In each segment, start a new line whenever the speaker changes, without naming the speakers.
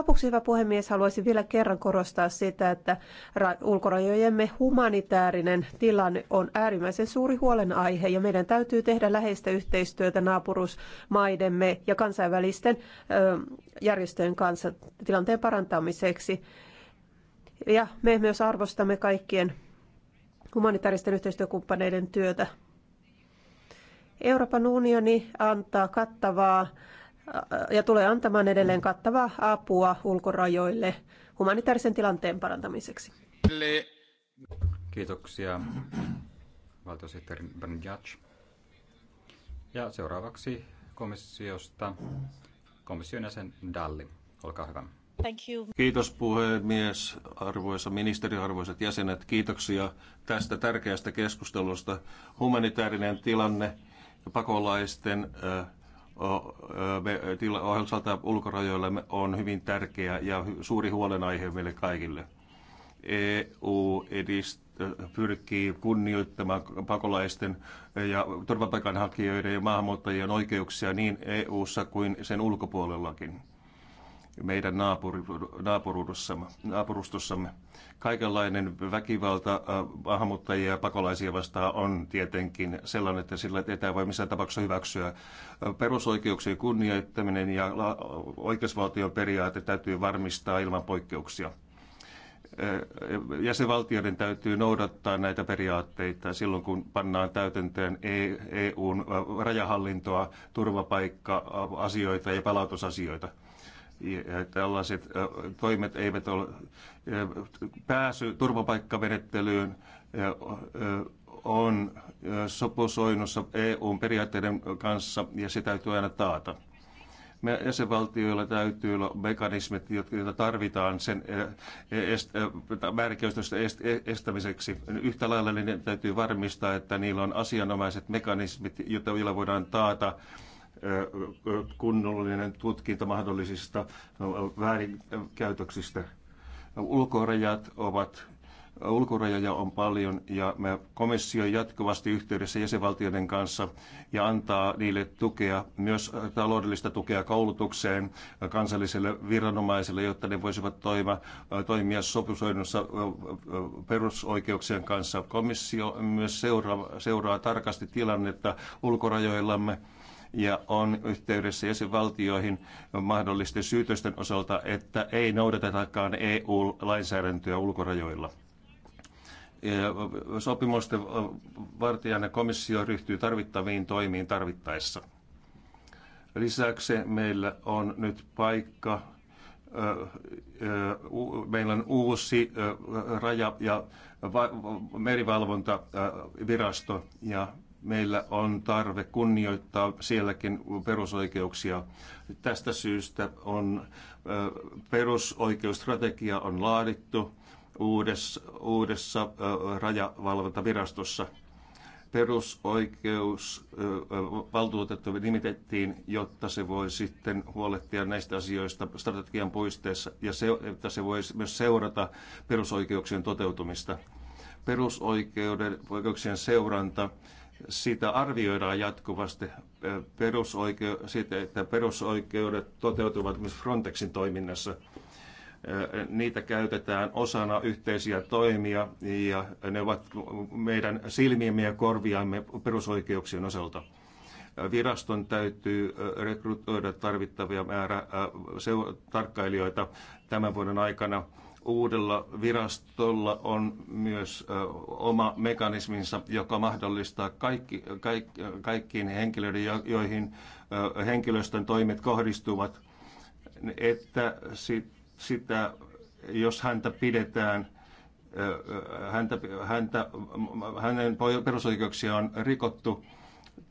Lopuksi, hyvä puhemies, haluaisin vielä kerran korostaa sitä, että ulkorajojemme humanitaarinen tilanne on äärimmäisen suuri huolenaihe ja meidän täytyy tehdä läheistä yhteistyötä naapurusmaidemme ja kansainvälisten järjestöjen kanssa tilanteen parantamiseksi. Ja me myös arvostamme kaikkien humanitaaristen yhteistyökumppaneiden työtä. Euroopan unioni antaa kattavaa ja tulee antamaan edelleen kattavaa apua ulkorajoille humanitaarisen tilanteen parantamiseksi.
Kiitoksia valtiosihteeri Bernjac. Ja seuraavaksi komissiosta komission jäsen Dalli. Olkaa hyvä.
Kiitos puhemies, arvoisa ministeri, arvoisat jäsenet. Kiitoksia tästä tärkeästä keskustelusta. Humanitaarinen tilanne ja pakolaisten äh, osalta ulkorajoillamme on hyvin tärkeä ja suuri huolenaihe meille kaikille. EU edist, pyrkii kunnioittamaan pakolaisten ja turvapaikanhakijoiden ja maahanmuuttajien oikeuksia niin EU:ssa kuin sen ulkopuolellakin meidän naapurustossamme. Kaikenlainen väkivalta maahanmuuttajia ja pakolaisia vastaan on tietenkin sellainen, että sillä ei voi missään tapauksessa hyväksyä. Perusoikeuksien kunnioittaminen ja oikeusvaltion periaate täytyy varmistaa ilman poikkeuksia jäsenvaltioiden täytyy noudattaa näitä periaatteita silloin, kun pannaan täytäntöön EUn e rajahallintoa, turvapaikka-asioita ja palautusasioita ja tällaiset toimet eivät ole pääsy turvapaikkamenettelyyn on sopusoinnussa EUn periaatteiden kanssa ja se täytyy aina taata. Me jäsenvaltioilla täytyy olla mekanismit, joita tarvitaan sen e, est, est, e, estämiseksi. Yhtä lailla niiden täytyy varmistaa, että niillä on asianomaiset mekanismit, joita vielä voidaan taata kunnollinen tutkinta mahdollisista väärinkäytöksistä. Ulkorajat ovat ulkorajoja on paljon ja me komissio jatkuvasti yhteydessä jäsenvaltioiden kanssa ja antaa niille tukea, myös taloudellista tukea koulutukseen kansallisille viranomaisille, jotta ne voisivat toima, toimia sopusoinnussa perusoikeuksien kanssa. Komissio myös seuraa, seuraa tarkasti tilannetta ulkorajoillamme ja on yhteydessä jäsenvaltioihin mahdollisten syytösten osalta, että ei noudatetakaan EU-lainsäädäntöä ulkorajoilla. Sopimusten vartijana komissio ryhtyy tarvittaviin toimiin tarvittaessa. Lisäksi meillä on nyt paikka, meillä on uusi raja- ja merivalvontavirasto ja meillä on tarve kunnioittaa sielläkin perusoikeuksia. Tästä syystä on perusoikeusstrategia on laadittu uudessa, uudessa rajavalvontavirastossa. Perusoikeusvaltuutettu nimitettiin, jotta se voi sitten huolehtia näistä asioista strategian puisteessa ja se, että se voi myös seurata perusoikeuksien toteutumista. Perusoikeuksien seuranta sitä arvioidaan jatkuvasti, perusoikeu- sitä, että perusoikeudet toteutuvat myös Frontexin toiminnassa. Niitä käytetään osana yhteisiä toimia ja ne ovat meidän silmiemme ja korviamme perusoikeuksien osalta viraston täytyy rekrytoida tarvittavia määrä tarkkailijoita tämän vuoden aikana Uudella virastolla on myös oma mekanisminsa, joka mahdollistaa kaikki, kaikki, kaikkiin henkilöiden, joihin henkilöstön toimet kohdistuvat, että sitä, jos häntä pidetään – häntä, häntä, hänen perusoikeuksia on rikottu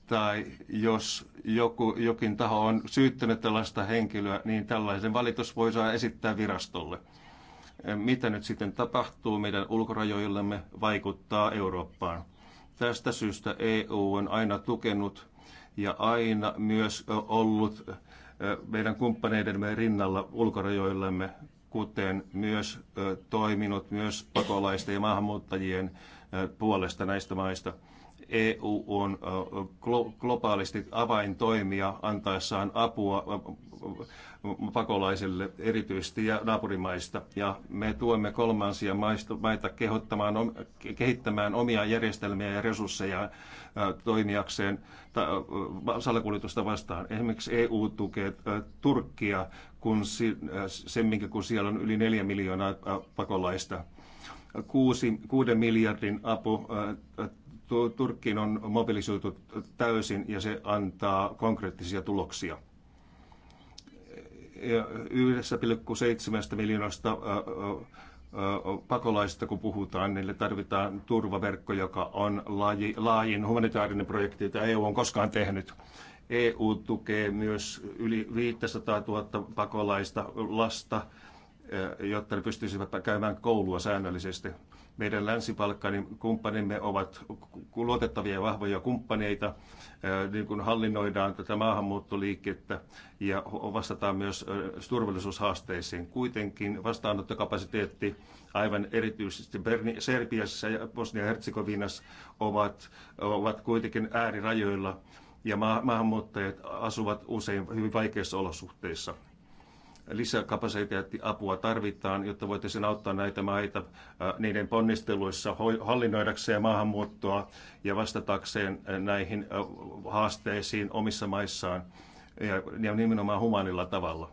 tai jos joku, jokin taho on syyttänyt tällaista henkilöä, niin tällaisen valitus voi saa esittää virastolle mitä nyt sitten tapahtuu meidän ulkorajoillamme, vaikuttaa Eurooppaan. Tästä syystä EU on aina tukenut ja aina myös ollut meidän kumppaneidemme rinnalla ulkorajoillamme, kuten myös toiminut myös pakolaisten ja maahanmuuttajien puolesta näistä maista. EU on globaalisti avaintoimija antaessaan apua pakolaisille, erityisesti ja naapurimaista. Ja me tuemme kolmansia maita kehottamaan, kehittämään omia järjestelmiä ja resursseja toimijakseen salakuljetusta vastaan. Esimerkiksi EU tukee Turkkia kun semminkin, kun siellä on yli neljä miljoonaa pakolaista. Kuusi, kuuden miljardin apu Turkkiin on mobilisoitu täysin ja se antaa konkreettisia tuloksia. 1,7 miljoonasta pakolaista, kun puhutaan, niille tarvitaan turvaverkko, joka on laaji, laajin humanitaarinen projekti, jota EU on koskaan tehnyt. EU tukee myös yli 500 000 pakolaista lasta, jotta ne pystyisivät käymään koulua säännöllisesti. Meidän Länsi-Balkanin kumppanimme ovat luotettavia ja vahvoja kumppaneita, niin kuin hallinnoidaan tätä maahanmuuttoliikettä ja vastataan myös turvallisuushaasteisiin. Kuitenkin vastaanottokapasiteetti aivan erityisesti Serbiassa ja Bosnia-Herzegovinassa ovat, ovat kuitenkin äärirajoilla ja maahanmuuttajat asuvat usein hyvin vaikeissa olosuhteissa lisäkapasiteettiapua tarvitaan, jotta voitaisiin auttaa näitä maita niiden ponnisteluissa hallinnoidakseen maahanmuuttoa ja vastatakseen näihin haasteisiin omissa maissaan ja nimenomaan humanilla tavalla.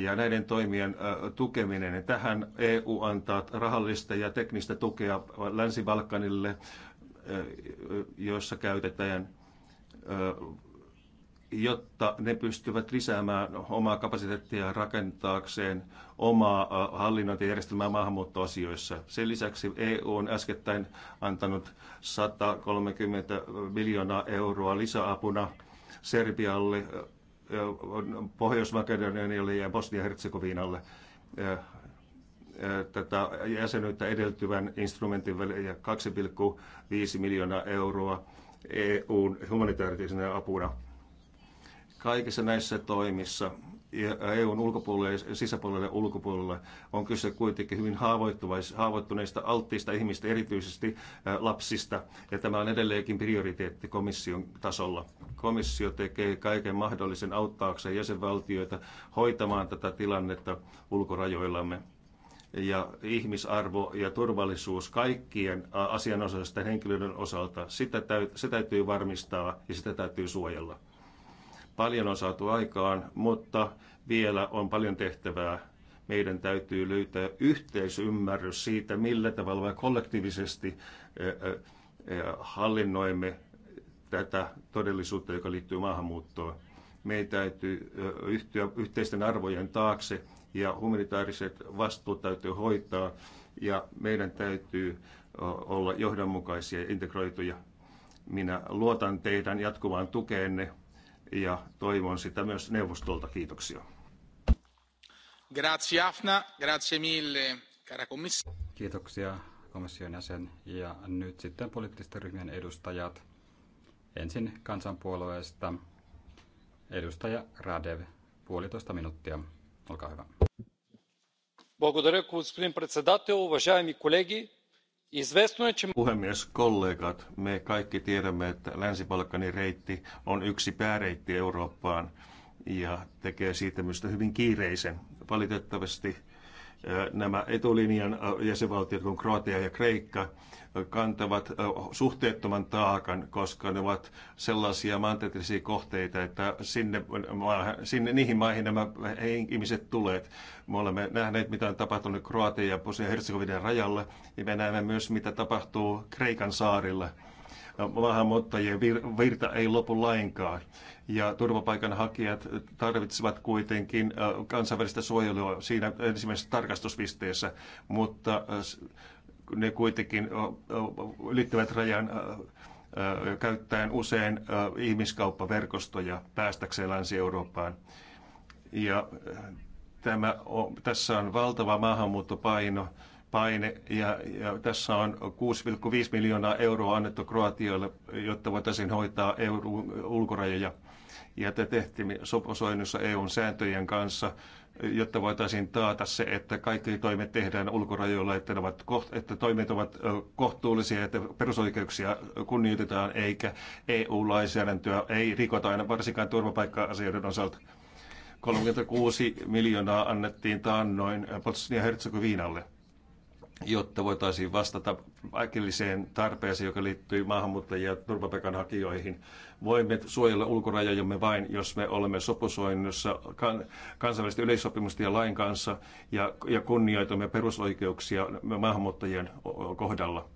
Ja näiden toimien tukeminen. Niin tähän EU antaa rahallista ja teknistä tukea Länsi-Balkanille, jossa käytetään jotta ne pystyvät lisäämään omaa kapasiteettia rakentaakseen omaa äh, hallinnointijärjestelmää maahanmuuttoasioissa. Sen lisäksi EU on äskettäin antanut 130 miljoonaa euroa lisäapuna Serbialle, äh, äh, Pohjois-Makedonialle ja Bosnia-Herzegovinalle tätä jäsenyyttä edeltyvän instrumentin välillä 2,5 miljoonaa euroa EUn humanitaarisena apuna Kaikissa näissä toimissa EUn ulkopuolelle ja sisäpuolelle ja ulkopuolelle on kyse kuitenkin hyvin haavoittuneista, alttiista ihmistä, erityisesti lapsista. Ja tämä on edelleenkin prioriteetti komission tasolla. Komissio tekee kaiken mahdollisen auttaakseen jäsenvaltioita hoitamaan tätä tilannetta ulkorajoillamme ja ihmisarvo ja turvallisuus kaikkien asianosaisten henkilöiden osalta, sitä täytyy varmistaa ja sitä täytyy suojella. Paljon on saatu aikaan, mutta vielä on paljon tehtävää. Meidän täytyy löytää yhteisymmärrys siitä, millä tavalla me kollektiivisesti eh, eh, eh, hallinnoimme tätä todellisuutta, joka liittyy maahanmuuttoon. Meidän täytyy yhtyä yhteisten arvojen taakse ja humanitaariset vastuut täytyy hoitaa ja meidän täytyy olla johdonmukaisia ja integroituja. Minä luotan teidän jatkuvaan tukeenne ja toivon sitä myös neuvostolta. Kiitoksia.
Grazie Afna, grazie mille, cara komissio.
Kiitoksia komission
jäsen. Ja nyt sitten poliittisten ryhmien edustajat. Ensin kansanpuolueesta edustaja Radev, puolitoista minuuttia. Olkaa hyvä.
Благодаря, господин председател, уважаеми колеги Puhemies, kollegat, me kaikki tiedämme, että Länsi-Balkanin reitti on yksi pääreitti Eurooppaan ja tekee siitä myös hyvin kiireisen. Valitettavasti nämä etulinjan jäsenvaltiot, kuin Kroatia ja Kreikka, kantavat suhteettoman taakan, koska ne ovat sellaisia maantieteellisiä kohteita, että sinne, sinne niihin maihin nämä ihmiset tulevat. Me olemme nähneet, mitä on tapahtunut Kroatian ja Bosnia-Herzegovinan rajalla, ja me näemme myös, mitä tapahtuu Kreikan saarilla – maahanmuuttajien virta ei lopu lainkaan. Ja turvapaikanhakijat tarvitsevat kuitenkin kansainvälistä suojelua siinä ensimmäisessä tarkastuspisteessä, mutta ne kuitenkin ylittävät rajan käyttäen usein ihmiskauppaverkostoja päästäkseen Länsi-Eurooppaan. Ja tämä on, tässä on valtava maahanmuuttopaino paine ja, ja tässä on 6,5 miljoonaa euroa annettu Kroatialle, jotta voitaisiin hoitaa EUn ulkorajoja. Ja te tehtiin soposoinnussa EUn sääntöjen kanssa, jotta voitaisiin taata se, että kaikki toimet tehdään ulkorajoilla, että, ne ovat, että toimet ovat kohtuullisia, että perusoikeuksia kunnioitetaan, eikä EU-lainsäädäntöä ei rikota aina varsinkaan turvapaikka-asioiden osalta. 36 miljoonaa annettiin taannoin Bosnia-Herzegovinalle jotta voitaisiin vastata äkilliseen tarpeeseen, joka liittyy maahanmuuttajia ja turvapaikanhakijoihin. Voimme suojella ulkorajojamme vain, jos me olemme sopusoinnussa kan, kansainvälisten yleissopimusten ja lain kanssa ja, ja kunnioitamme perusoikeuksia maahanmuuttajien kohdalla.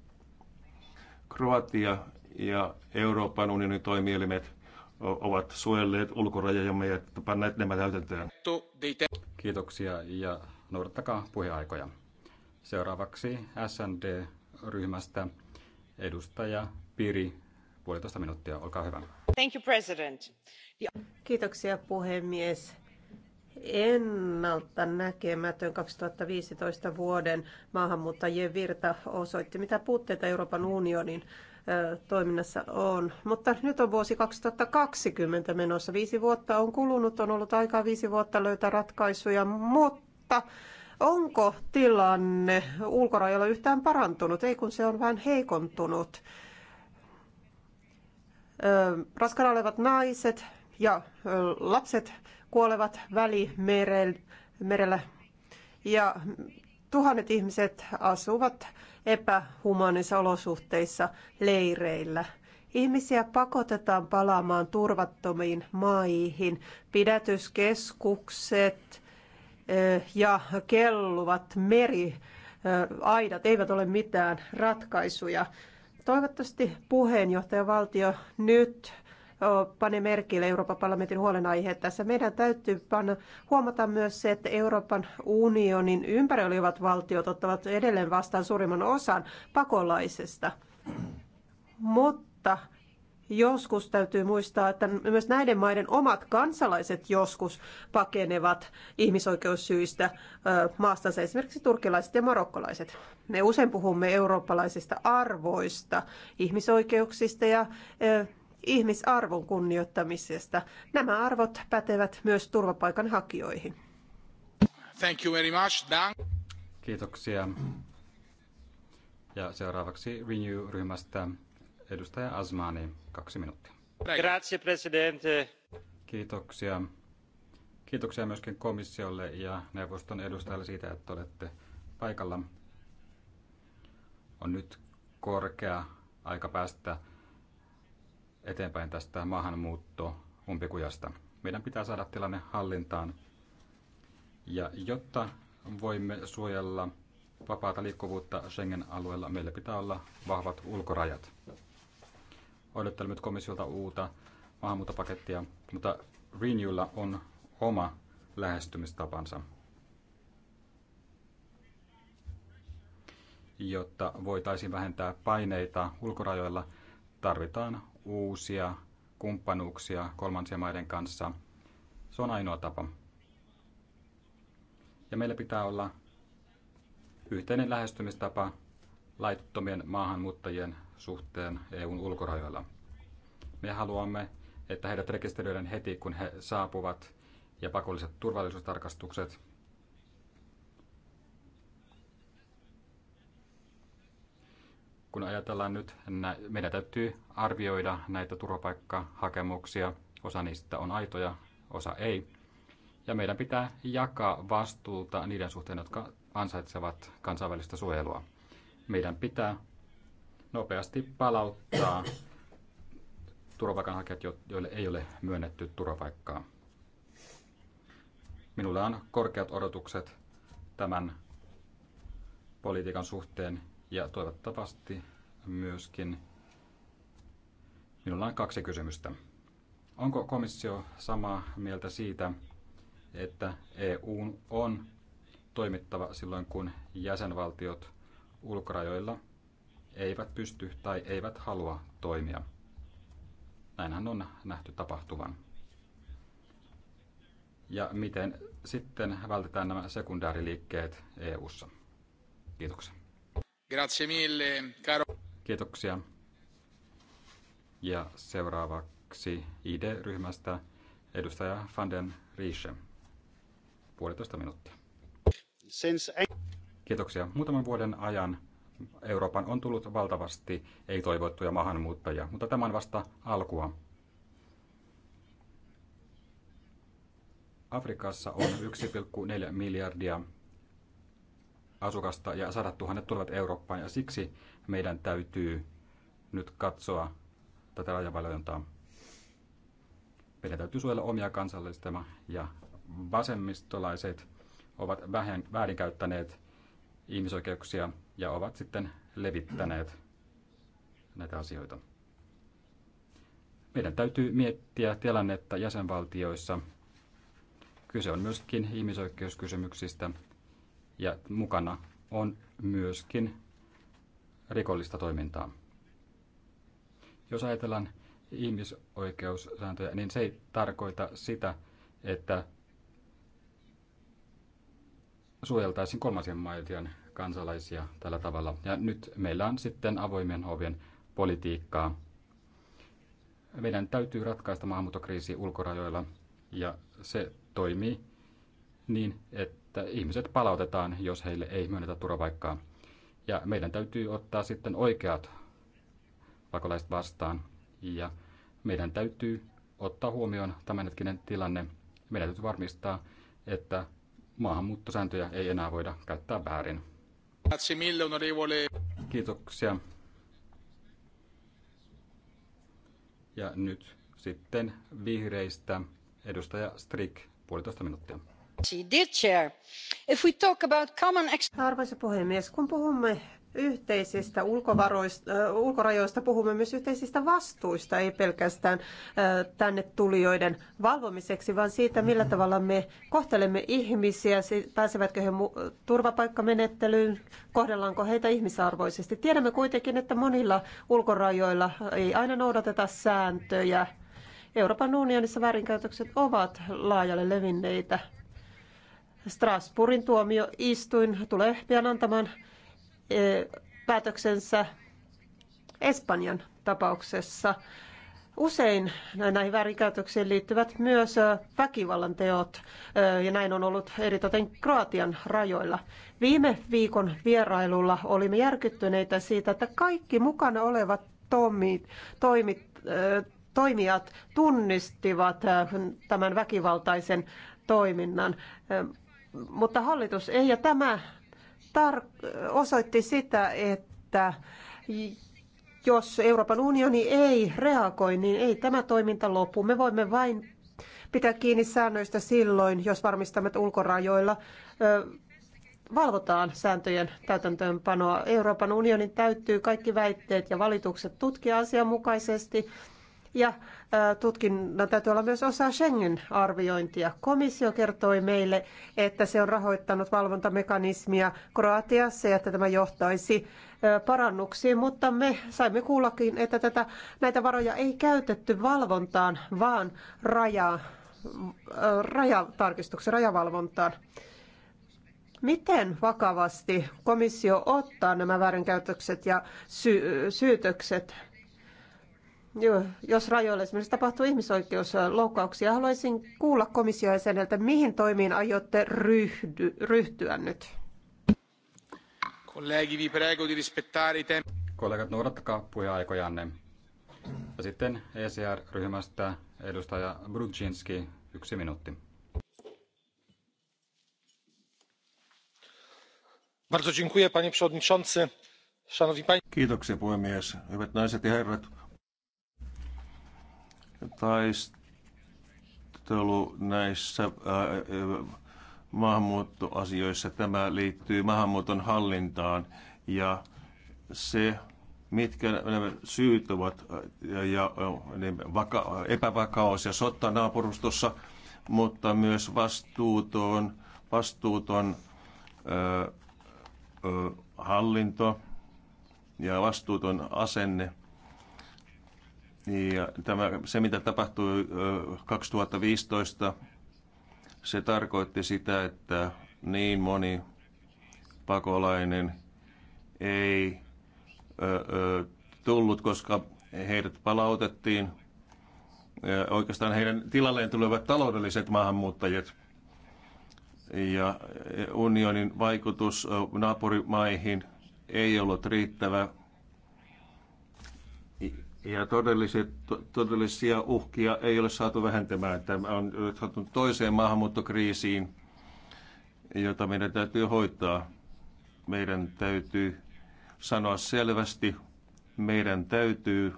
Kroatia ja Euroopan unionin toimielimet ovat suojelleet ulkorajojamme ja panneet nämä täytäntöön. Kiitoksia ja
noudattakaa puheaikoja. Seuraavaksi SND-ryhmästä edustaja Piri, puolitoista minuuttia, olkaa hyvä.
Thank you, President. Kiitoksia puhemies. Ennalta näkemätön 2015 vuoden maahanmuuttajien virta osoitti, mitä puutteita Euroopan unionin toiminnassa on. Mutta nyt on vuosi 2020 menossa. Viisi vuotta on kulunut, on ollut aikaa viisi vuotta löytää ratkaisuja, mutta Onko tilanne ulkorajalla yhtään parantunut? Ei kun se on vähän heikontunut. Raskana olevat naiset ja lapset kuolevat välimerellä ja tuhannet ihmiset asuvat epähumaanissa olosuhteissa leireillä. Ihmisiä pakotetaan palaamaan turvattomiin maihin. Pidätyskeskukset ja kelluvat meri aidat eivät ole mitään ratkaisuja. Toivottavasti puheenjohtajavaltio nyt pane merkille Euroopan parlamentin huolenaiheet tässä. Meidän täytyy panna, huomata myös se, että Euroopan unionin ympärillä valtiot ottavat edelleen vastaan suurimman osan pakolaisesta. Mutta joskus täytyy muistaa, että myös näiden maiden omat kansalaiset joskus pakenevat ihmisoikeussyistä maastansa, esimerkiksi turkilaiset ja marokkolaiset. Me usein puhumme eurooppalaisista arvoista, ihmisoikeuksista ja ihmisarvon kunnioittamisesta. Nämä arvot pätevät myös turvapaikanhakijoihin.
Thank you very much. Dan.
Kiitoksia. Ja seuraavaksi Renew-ryhmästä Edustaja Asmani, kaksi minuuttia.
Grazie, presidente.
Kiitoksia. Kiitoksia myöskin komissiolle ja neuvoston edustajalle siitä, että olette paikalla. On nyt korkea aika päästä eteenpäin tästä maahanmuutto umpikujasta. Meidän pitää saada tilanne hallintaan. Ja jotta voimme suojella vapaata liikkuvuutta Schengen-alueella, meillä pitää olla vahvat ulkorajat odottelemme komissiolta uutta maahanmuuttopakettia, mutta Renewlla on oma lähestymistapansa, jotta voitaisiin vähentää paineita ulkorajoilla. Tarvitaan uusia kumppanuuksia kolmansien maiden kanssa. Se on ainoa tapa. Ja meillä pitää olla yhteinen lähestymistapa laittomien maahanmuuttajien suhteen EUn ulkorajoilla. Me haluamme, että heidät rekisteröidään heti, kun he saapuvat, ja pakolliset turvallisuustarkastukset. Kun ajatellaan nyt, meidän täytyy arvioida näitä turvapaikkahakemuksia. Osa niistä on aitoja, osa ei. Ja meidän pitää jakaa vastuuta niiden suhteen, jotka ansaitsevat kansainvälistä suojelua. Meidän pitää nopeasti palauttaa turvapaikanhakijat, joille ei ole myönnetty turvapaikkaa. Minulla on korkeat odotukset tämän politiikan suhteen ja toivottavasti myöskin minulla on kaksi kysymystä. Onko komissio samaa mieltä siitä, että EU on toimittava silloin, kun jäsenvaltiot ulkorajoilla – eivät pysty tai eivät halua toimia. Näinhän on nähty tapahtuvan. Ja miten sitten vältetään nämä sekundääriliikkeet EU-ssa? Kiitoksia.
Grazie mille, caro.
Kiitoksia. Ja seuraavaksi ID-ryhmästä edustaja Van den Riesche. Puolitoista minuuttia. Kiitoksia. Muutaman vuoden ajan Euroopan on tullut valtavasti ei-toivottuja maahanmuuttajia, mutta tämä on vasta alkua. Afrikassa on 1,4 miljardia asukasta ja sadat tuhannet tulevat Eurooppaan ja siksi meidän täytyy nyt katsoa tätä rajavalvontaa. Meidän täytyy suojella omia kansallistamme ja vasemmistolaiset ovat vähän väärinkäyttäneet ihmisoikeuksia ja ovat sitten levittäneet näitä asioita. Meidän täytyy miettiä tilannetta jäsenvaltioissa. Kyse on myöskin ihmisoikeuskysymyksistä ja mukana on myöskin rikollista toimintaa. Jos ajatellaan ihmisoikeussääntöjä, niin se ei tarkoita sitä, että suojeltaisiin kolmansien maiden kansalaisia tällä tavalla. Ja nyt meillä on sitten avoimen ovien politiikkaa. Meidän täytyy ratkaista maahanmuuttokriisi ulkorajoilla ja se toimii niin, että ihmiset palautetaan, jos heille ei myönnetä turvapaikkaa. Ja meidän täytyy ottaa sitten oikeat pakolaiset vastaan ja meidän täytyy ottaa huomioon tämänhetkinen tilanne. Meidän täytyy varmistaa, että maahanmuuttosääntöjä ei enää voida käyttää väärin. Kiitoksia. Ja nyt sitten vihreistä edustaja Strik, puolitoista minuuttia.
Arvoisa puhemies, kun puhumme yhteisistä ulkorajoista puhumme myös yhteisistä vastuista, ei pelkästään tänne tulijoiden valvomiseksi, vaan siitä, millä tavalla me kohtelemme ihmisiä, pääsevätkö he turvapaikkamenettelyyn, kohdellaanko heitä ihmisarvoisesti. Tiedämme kuitenkin, että monilla ulkorajoilla ei aina noudateta sääntöjä. Euroopan unionissa väärinkäytökset ovat laajalle levinneitä. Strasbourgin tuomioistuin tulee pian antamaan Eh, päätöksensä Espanjan tapauksessa. Usein näihin väärinkäytöksiin liittyvät myös väkivallan teot, ja näin on ollut eritoten Kroatian rajoilla. Viime viikon vierailulla olimme järkyttyneitä siitä, että kaikki mukana olevat tomit, toimit, toimijat tunnistivat tämän väkivaltaisen toiminnan, mutta hallitus ei, ja tämä osoitti sitä, että jos Euroopan unioni ei reagoi, niin ei tämä toiminta lopu. Me voimme vain pitää kiinni säännöistä silloin, jos varmistamme, että ulkorajoilla valvotaan sääntöjen täytäntöönpanoa. Euroopan unionin täytyy kaikki väitteet ja valitukset tutkia asianmukaisesti ja Äh, tutkinnan täytyy olla myös osa Schengen-arviointia. Komissio kertoi meille, että se on rahoittanut valvontamekanismia Kroatiassa ja että tämä johtaisi äh, parannuksiin, mutta me saimme kuullakin, että tätä, näitä varoja ei käytetty valvontaan, vaan raja, äh, rajatarkistuksen rajavalvontaan. Miten vakavasti komissio ottaa nämä väärinkäytökset ja sy- syytökset Joo, jos rajoilla esimerkiksi tapahtuu ihmisoikeusloukkauksia, haluaisin kuulla komissiojäseneltä, mihin toimiin aiotte ryhdy, ryhtyä nyt?
Kollegi, vi prego di rispettare i tempi. Kollegat,
noudattakaa puheaikojanne. Ja sitten ECR-ryhmästä edustaja Brudzinski, yksi minuutti.
Bardzo dziękuję, panie przewodniczący. Szanowni panie... Kiitoksia, puhemies. Hyvät naiset ja herrat taistelu näissä äh, maahanmuuttoasioissa. Tämä liittyy maahanmuuton hallintaan ja se, mitkä nämä syyt ovat, äh, ja, ja äh, niin vaka, epävakaus ja sotta naapurustossa, mutta myös vastuuton, vastuuton ö, ö, hallinto ja vastuuton asenne – ja tämä, se, mitä tapahtui 2015, se tarkoitti sitä, että niin moni pakolainen ei ö, ö, tullut, koska heidät palautettiin. Ja oikeastaan heidän tilalleen tulevat taloudelliset maahanmuuttajat ja unionin vaikutus naapurimaihin ei ollut riittävä ja todelliset, todellisia uhkia ei ole saatu vähentämään. Tämä on johtanut toiseen maahanmuuttokriisiin, jota meidän täytyy hoitaa. Meidän täytyy sanoa selvästi, meidän täytyy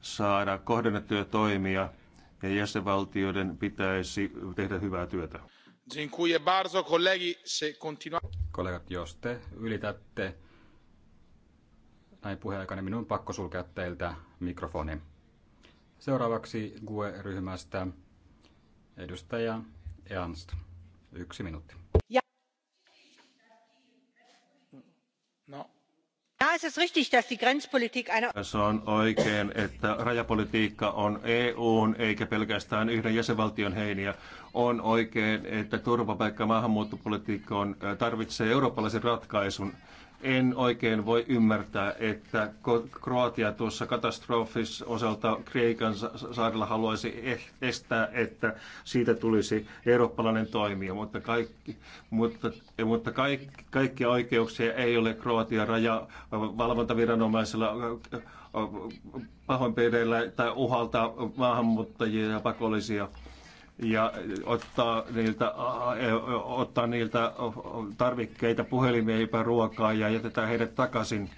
saada kohdennettuja toimia ja jäsenvaltioiden pitäisi tehdä hyvää työtä. Kollegat, jos te ylitätte näin
puheaikana minun pakko sulkea teiltä mikrofoni. Seuraavaksi GUE-ryhmästä edustaja Ernst. Yksi minuutti.
Ja. No.
Se on oikein, että rajapolitiikka on EUn eikä pelkästään yhden jäsenvaltion heiniä. On oikein, että turvapaikka- ja maahanmuuttopolitiikka on, tarvitsee eurooppalaisen ratkaisun en oikein voi ymmärtää, että Kroatia tuossa katastrofissa osalta Kreikan saarella haluaisi eh- estää, että siitä tulisi eurooppalainen toimija, mutta, kaikki, mutta, mutta kaikki, kaikkia oikeuksia ei ole Kroatian raja valvontaviranomaisella pahoinpideillä tai uhalta maahanmuuttajia ja pakollisia ja ottaa niiltä, e, ottaa niiltä tarvikkeita, puhelimia, jopa ruokaa ja jätetään heidät takaisin.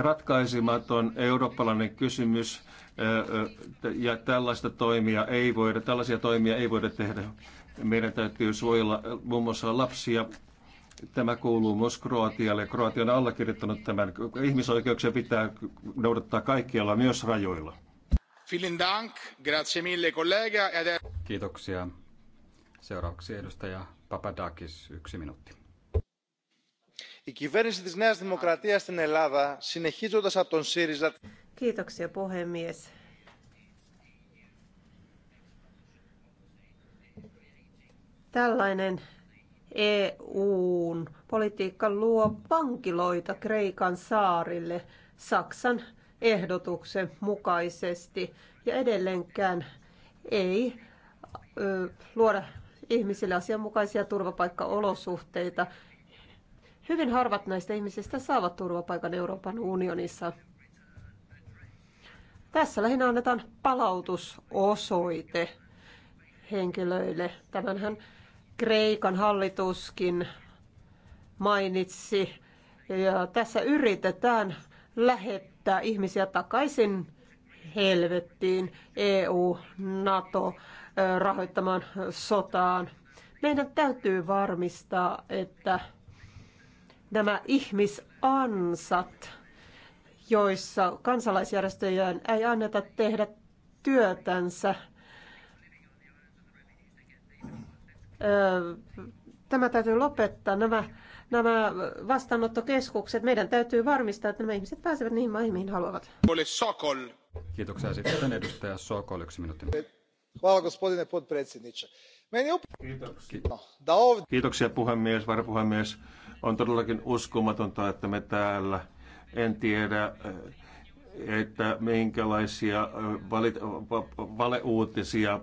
Ratkaisematon eurooppalainen kysymys e, e, ja tällaista toimia ei voida, tällaisia toimia ei voida tehdä. Meidän täytyy suojella muun muassa lapsia. Tämä kuuluu myös Kroatialle. Kroatia on allekirjoittanut tämän. Ihmisoikeuksia pitää noudattaa kaikkialla, myös rajoilla. E Kiitoksia. Seuraavaksi edustaja
Papadakis, yksi minuutti. Η κυβέρνηση της Νέας Δημοκρατίας στην Ελλάδα, συνεχίζοντας από τον ΣΥΡΙΖΑ...
Kiitoksia puhemies. Tällainen EUn politiikka luo vankiloita Kreikan saarille, Saksan ehdotuksen mukaisesti. Ja edelleenkään ei ö, luoda ihmisille asianmukaisia turvapaikkaolosuhteita. Hyvin harvat näistä ihmisistä saavat turvapaikan Euroopan unionissa. Tässä lähinnä annetaan palautusosoite henkilöille. Tämänhän Kreikan hallituskin mainitsi. Ja tässä yritetään lähettää lähettää ihmisiä takaisin helvettiin EU, NATO rahoittamaan sotaan. Meidän täytyy varmistaa, että nämä ihmisansat, joissa kansalaisjärjestöjen ei anneta tehdä työtänsä, tämä täytyy lopettaa. Nämä nämä vastaanottokeskukset. Meidän täytyy varmistaa, että nämä ihmiset pääsevät niihin maihin, mihin haluavat.
Sokol. Kiitoksia. Sitten edustaja Sokol, yksi
minuutti. Kiitoksia.
Kiitoksia puhemies, varapuhemies. On todellakin uskomatonta, että me täällä, en tiedä, eh, että minkälaisia valit, valeuutisia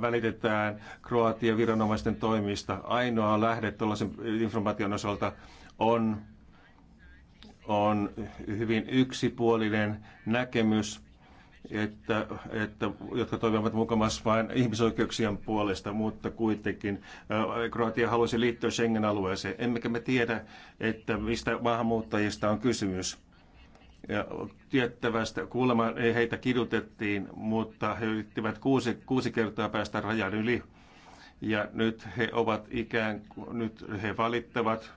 välitetään Kroatian viranomaisten toimista. Ainoa lähde tuollaisen informaation osalta on, on hyvin yksipuolinen näkemys, että, että, jotka toimivat mukamas vain ihmisoikeuksien puolesta, mutta kuitenkin Kroatia halusi liittyä Schengen-alueeseen. Emmekä me tiedä, että mistä maahanmuuttajista on kysymys tiettävästä. Kuulemma heitä kidutettiin, mutta he yrittivät kuusi, kuusi kertaa päästä rajan yli. Ja nyt he ovat ikään kuin, nyt he valittavat,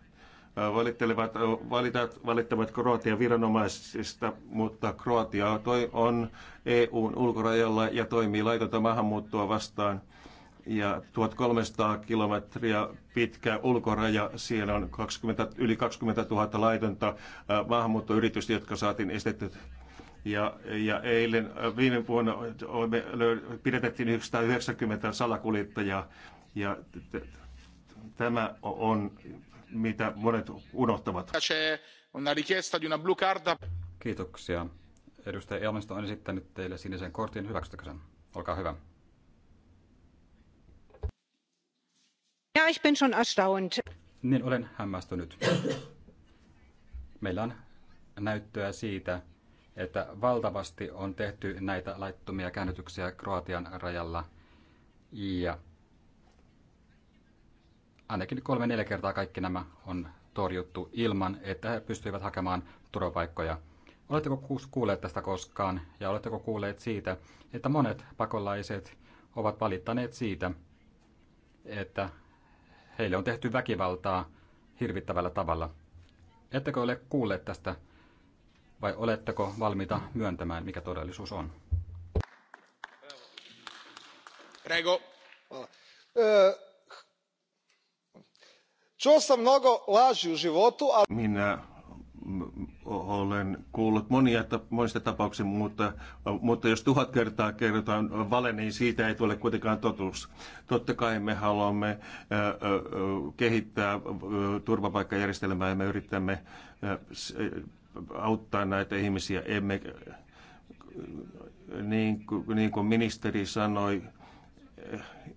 äh, valittelevat, äh, valitat, valittavat Kroatian viranomaisista, mutta Kroatia on EUn ulkorajalla ja toimii laitonta maahanmuuttoa vastaan – ja 1300 kilometriä pitkä ulkoraja. Siellä on 20, yli 20 000 laitonta äh, maahanmuuttoyritystä, jotka saatiin estetty. Ja, ja eilen äh, viime vuonna me pidetettiin 190 salakuljettajaa ja tämä on mitä monet unohtavat.
Kiitoksia. Edustaja Elmista on esittänyt teille sinisen kortin. Hyväksytkö sen? Olkaa hyvä.
ich bin schon erstaunt.
Niin, olen hämmästynyt. Meillä on näyttöä siitä, että valtavasti on tehty näitä laittomia käännytyksiä Kroatian rajalla. Ja ainakin kolme-neljä kertaa kaikki nämä on torjuttu ilman, että he pystyivät hakemaan turvapaikkoja. Oletteko kuulleet tästä koskaan ja oletteko kuulleet siitä, että monet pakolaiset ovat valittaneet siitä, että heille on tehty väkivaltaa hirvittävällä tavalla. Ettekö ole kuulleet tästä vai oletteko valmiita myöntämään, mikä todellisuus on?
Prego. E,
Minä olen kuullut monia monista tapauksista, mutta, mutta jos tuhat kertaa kerrotaan vale, niin siitä ei tule kuitenkaan totuus. Totta kai me haluamme kehittää turvapaikkajärjestelmää ja me yritämme auttaa näitä ihmisiä. Emme, niin, kuin, niin kuin ministeri sanoi,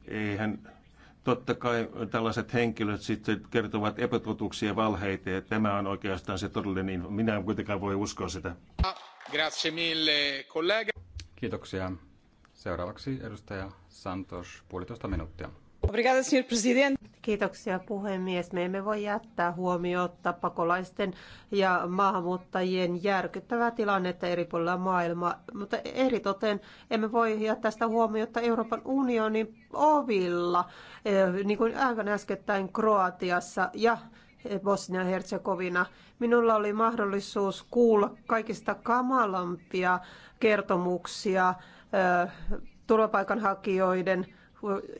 eihän Totta kai tällaiset henkilöt sitten kertovat epätotuuksia ja valheita, ja tämä on oikeastaan se todellinen. Minä en kuitenkaan voi uskoa sitä. Kiitoksia.
Seuraavaksi edustaja Santos, puolitoista minuuttia.
Kiitoksia puhemies. Me emme voi jättää huomiota pakolaisten ja maahanmuuttajien järkyttävää tilannetta eri puolilla maailmaa, mutta eritoten emme voi jättää sitä huomiota Euroopan unionin ovilla, eh, niin kuin aivan äskettäin Kroatiassa ja Bosnia-Herzegovina. Minulla oli mahdollisuus kuulla kaikista kamalampia kertomuksia eh, turvapaikanhakijoiden –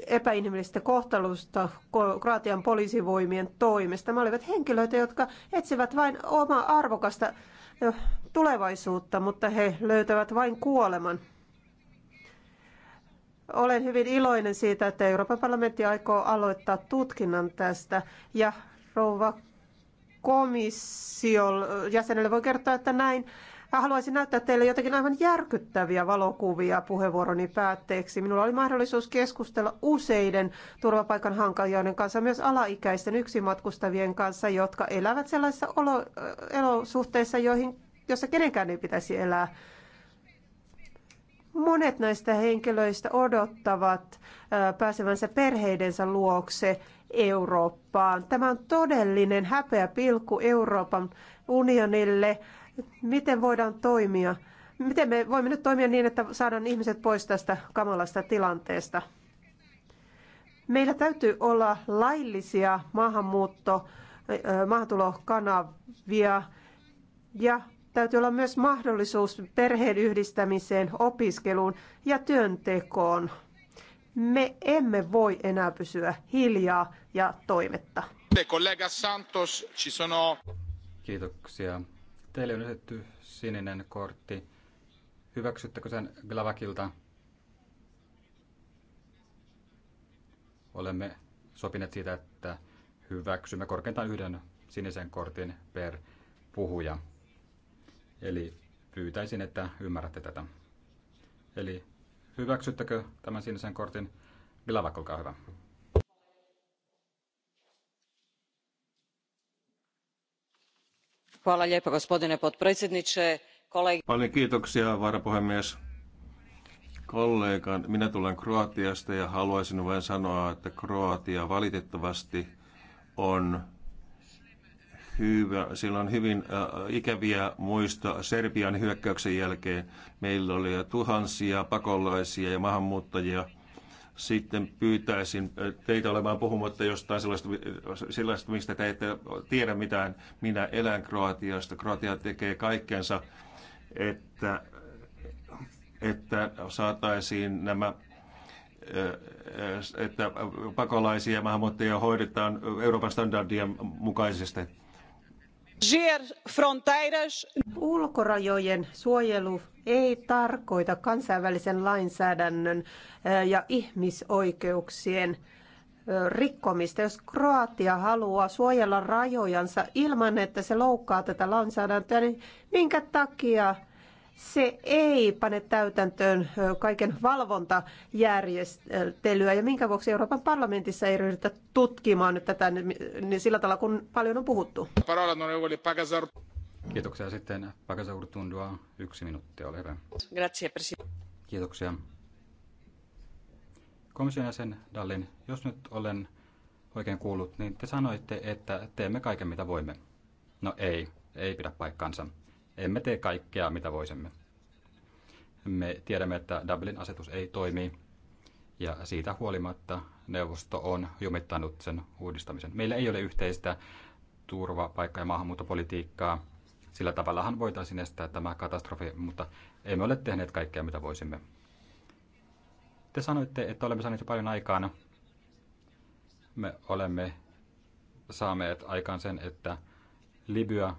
epäinhimillisestä kohtelusta Kroatian poliisivoimien toimesta. Ne olivat henkilöitä, jotka etsivät vain omaa arvokasta eh, tulevaisuutta, mutta he löytävät vain kuoleman. Olen hyvin iloinen siitä, että Euroopan parlamentti aikoo aloittaa tutkinnan tästä. Ja rouva komission jäsenelle voi kertoa, että näin Haluaisin näyttää teille jotakin aivan järkyttäviä valokuvia puheenvuoroni päätteeksi. Minulla oli mahdollisuus keskustella useiden turvapaikan hankajoiden kanssa, myös alaikäisten yksimatkustavien kanssa, jotka elävät sellaisissa olo, olosuhteissa, äh, joihin, jossa kenenkään ei pitäisi elää. Monet näistä henkilöistä odottavat äh, pääsevänsä perheidensä luokse Eurooppaan. Tämä on todellinen häpeä pilkku Euroopan unionille miten voidaan toimia? Miten me voimme nyt toimia niin, että saadaan ihmiset pois tästä kamalasta tilanteesta? Meillä täytyy olla laillisia maahanmuutto, maahantulokanavia ja täytyy olla myös mahdollisuus perheen yhdistämiseen, opiskeluun ja työntekoon. Me emme voi enää pysyä hiljaa ja toimetta.
Kollega Santos, ci sono... Kiitoksia. Teille on esitetty
sininen kortti. Hyväksyttekö sen Glavakilta? Olemme sopineet siitä, että hyväksymme korkeintaan yhden sinisen kortin per puhuja. Eli pyytäisin, että ymmärrätte tätä. Eli hyväksyttekö tämän sinisen kortin? Glavak, olkaa hyvä.
gospodine
paljon kiitoksia varapuhemies kollegan. Minä tulen Kroatiasta ja haluaisin vain sanoa, että Kroatia valitettavasti on hyvä. Sillä on hyvin äh, ikäviä muista Serbian hyökkäyksen jälkeen. Meillä oli tuhansia pakolaisia ja maahanmuuttajia sitten pyytäisin teitä olemaan puhumatta jostain sellaista, sellaista mistä te ette tiedä mitään. Minä elän Kroatiasta. Kroatia tekee kaikkensa, että, että saataisiin nämä että pakolaisia ja maahanmuuttajia hoidetaan Euroopan standardien mukaisesti
Ulkorajojen suojelu ei tarkoita kansainvälisen lainsäädännön ja ihmisoikeuksien rikkomista. Jos Kroatia haluaa suojella rajojansa ilman, että se loukkaa tätä lainsäädäntöä, niin minkä takia se ei pane täytäntöön kaiken valvontajärjestelyä ja minkä vuoksi Euroopan parlamentissa ei ryhdytä tutkimaan nyt tätä niin, niin sillä tavalla, kun paljon on puhuttu.
Kiitoksia sitten Pakasaur Tundua. Yksi minuutti, ole hyvä. Kiitoksia. Komission jäsen Dallin, jos nyt olen oikein kuullut, niin te sanoitte, että teemme kaiken mitä voimme. No ei, ei pidä paikkaansa emme tee kaikkea, mitä voisimme. Me tiedämme, että Dublin-asetus ei toimi, ja siitä huolimatta neuvosto on jumittanut sen uudistamisen. Meillä ei ole yhteistä turvapaikka- ja maahanmuuttopolitiikkaa. Sillä tavallahan voitaisiin estää tämä katastrofi, mutta emme ole tehneet kaikkea, mitä voisimme. Te sanoitte, että olemme saaneet jo paljon aikaan. Me olemme saaneet aikaan sen, että Libya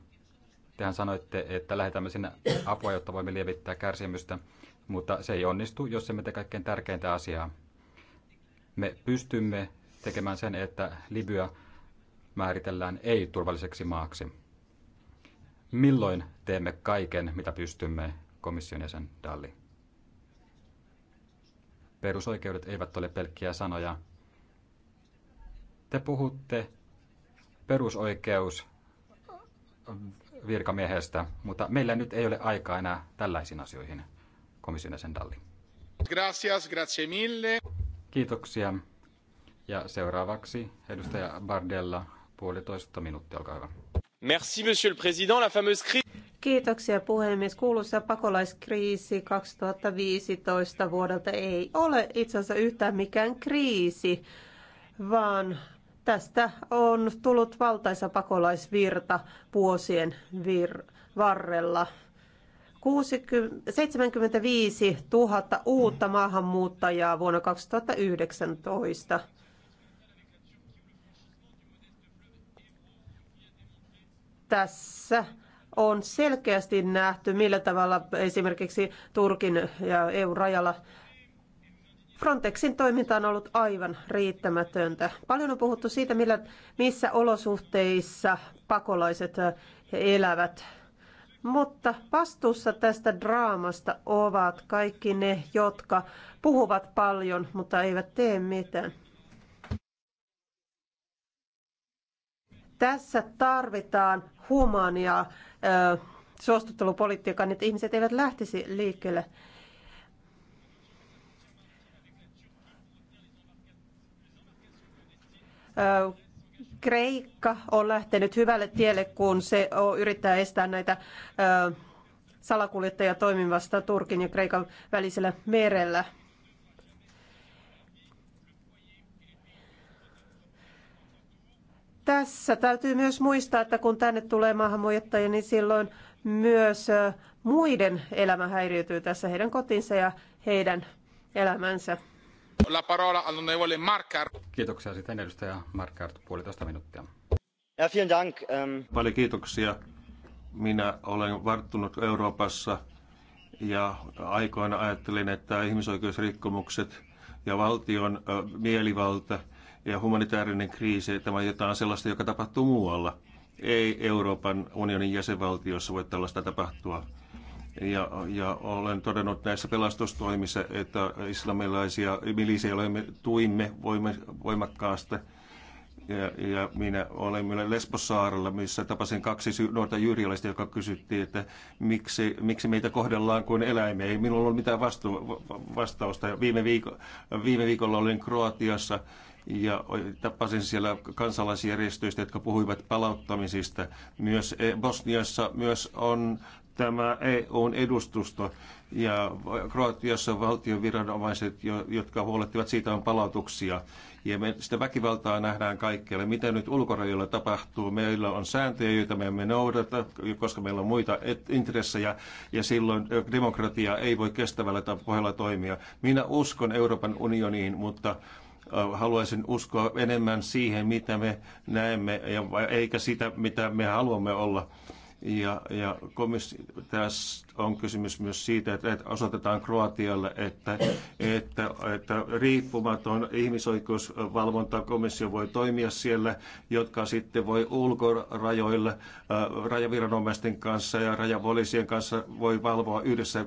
Tehän sanoitte, että lähetämme sinne apua, jotta voimme lievittää kärsimystä, mutta se ei onnistu, jos emme tee kaikkein tärkeintä asiaa. Me pystymme tekemään sen, että Libya määritellään ei-turvalliseksi maaksi. Milloin teemme kaiken, mitä pystymme, komission jäsen Dalli? Perusoikeudet eivät ole pelkkiä sanoja. Te puhutte perusoikeus virkamiehestä, mutta meillä nyt ei ole aikaa enää tällaisiin asioihin, komission sen Dalli.
Gracias, grazie mille.
Kiitoksia. Ja seuraavaksi edustaja Bardella, puolitoista minuuttia, olkaa hyvä.
Merci, monsieur le président. La fameuse crise...
Kiitoksia puhemies. Kuuluisa pakolaiskriisi 2015 vuodelta ei ole itse asiassa yhtään mikään kriisi, vaan Tästä on tullut valtaisa pakolaisvirta vuosien vir- varrella. 60, 75 000 uutta maahanmuuttajaa vuonna 2019. Tässä on selkeästi nähty, millä tavalla esimerkiksi Turkin ja EU-rajalla Frontexin toiminta on ollut aivan riittämätöntä. Paljon on puhuttu siitä, millä, missä olosuhteissa pakolaiset elävät. Mutta vastuussa tästä draamasta ovat kaikki ne, jotka puhuvat paljon, mutta eivät tee mitään. Tässä tarvitaan humania suostuttelupolitiikkaa, että ihmiset eivät lähtisi liikkeelle. Kreikka on lähtenyt hyvälle tielle, kun se yrittää estää näitä salakuljettajia toimivasta Turkin ja Kreikan välisellä merellä. Tässä täytyy myös muistaa, että kun tänne tulee maahanmuuttajia, niin silloin myös muiden elämä häiriytyy tässä heidän kotinsa ja heidän elämänsä.
La parola all'onorevole Markart. Kiitoksia sitten edustaja Markart, puolitoista minuuttia.
Ja vielen dank. Um... Paljon kiitoksia. Minä olen varttunut Euroopassa ja aikoina ajattelin, että ihmisoikeusrikkomukset ja valtion mielivalta ja humanitaarinen kriisi, tämä on jotain sellaista, joka tapahtuu muualla. Ei Euroopan unionin jäsenvaltiossa voi tällaista tapahtua ja, ja olen todennut näissä pelastustoimissa, että islamilaisia milisiä olemme, tuimme voimme, voimakkaasti. Ja, ja minä olen myös Lesbosaarella, missä tapasin kaksi sy- nuorta jyrialaista, joka kysyttiin, että miksi, miksi meitä kohdellaan kuin eläimiä. Ei minulla ollut mitään vastu- vastausta. Viime, viiko- viime viikolla olin Kroatiassa ja tapasin siellä kansalaisjärjestöistä, jotka puhuivat palauttamisista. Myös e, Bosniassa myös on tämä EUn edustusto ja Kroatiassa valtion viranomaiset, jotka huolehtivat siitä on palautuksia. Ja me sitä väkivaltaa nähdään kaikkialla. Mitä nyt ulkorajoilla tapahtuu? Meillä on sääntöjä, joita me emme noudata, koska meillä on muita intressejä, ja silloin demokratia ei voi kestävällä pohjalla toimia. Minä uskon Euroopan unioniin, mutta Haluaisin uskoa enemmän siihen, mitä me näemme, eikä sitä, mitä me haluamme olla. Ja, ja komissi- tässä on kysymys myös siitä, että, että osoitetaan Kroatialle, että, että, että riippumaton ihmisoikeusvalvontakomissio voi toimia siellä, jotka sitten voi ulkorajoilla rajaviranomaisten kanssa ja rajapoliisien kanssa voi valvoa yhdessä,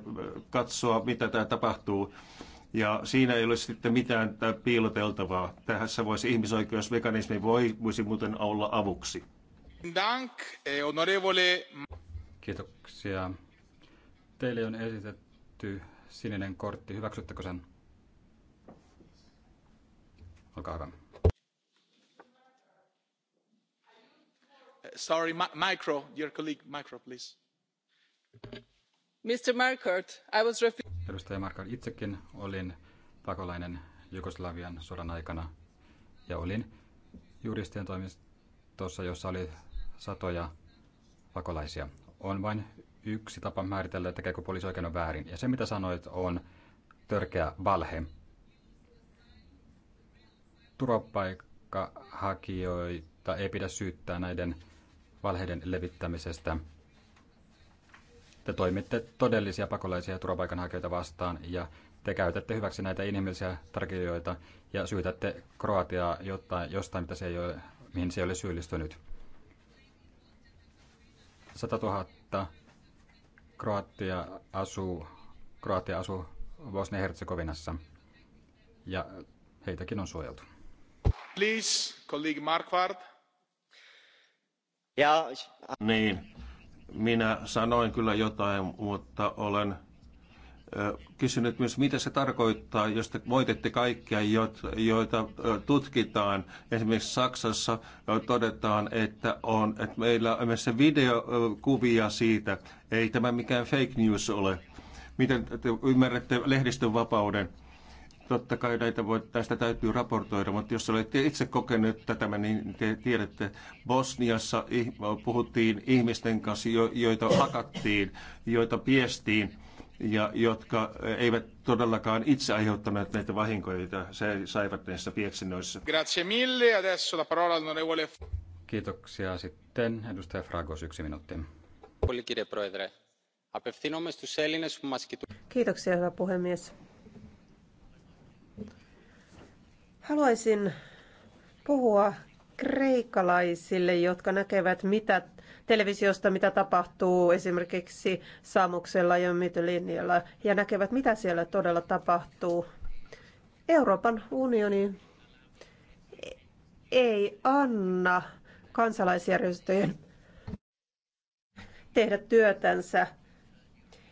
katsoa mitä tämä tapahtuu ja siinä ei ole sitten mitään piiloteltavaa. Tässä voisi ihmisoikeusmekanismi voi, voisi muuten olla avuksi.
Eh, Kiitoksia.
Teille on esitetty sininen kortti. Hyväksyttekö sen?
Olkaa hyvä. Eh, sorry, micro, dear colleague, micro, please.
Edustaja
Markert, itsekin olin pakolainen Jugoslavian sodan aikana ja olin juristien toimistossa, jossa oli satoja pakolaisia. On vain yksi tapa määritellä, tekeekö poliisi oikein on väärin. Ja se, mitä sanoit, on törkeä valhe. Turvapaikkahakijoita ei pidä syyttää näiden valheiden levittämisestä – te toimitte todellisia pakolaisia ja turvapaikanhakijoita vastaan ja te käytätte hyväksi näitä inhimillisiä tragedioita ja syytätte Kroatiaa jotain, jostain, mitä se ei ole, mihin se ei ole syyllistynyt. 100 000 Kroatia asuu, Kroatia asuu Bosnia-Herzegovinassa
ja heitäkin on suojeltu.
Please, colleague Marquardt.
Ja, niin, minä sanoin kyllä jotain, mutta olen kysynyt myös, mitä se tarkoittaa, jos te voitette kaikkia, joita tutkitaan. Esimerkiksi Saksassa todetaan, että, on, että meillä on myös videokuvia siitä. Ei tämä mikään fake news ole. Miten te ymmärrätte lehdistön vapauden? Totta kai näitä voi, tästä täytyy raportoida, mutta jos olette itse kokenut tätä, niin te tiedätte, Bosniassa puhuttiin ihmisten kanssa, joita hakattiin, joita piestiin ja jotka eivät todellakaan itse aiheuttaneet näitä vahinkoja, joita saivat näissä pieksinnoissa.
Grazie mille. Adesso la parola
Kiitoksia. Sitten edustaja Fragos, yksi minuutti.
Kiitoksia, hyvä puhemies. Haluaisin puhua kreikkalaisille, jotka näkevät mitä televisiosta, mitä tapahtuu esimerkiksi Samuksella ja Mytölinjalla, ja näkevät mitä siellä todella tapahtuu. Euroopan unioni ei anna kansalaisjärjestöjen tehdä työtänsä,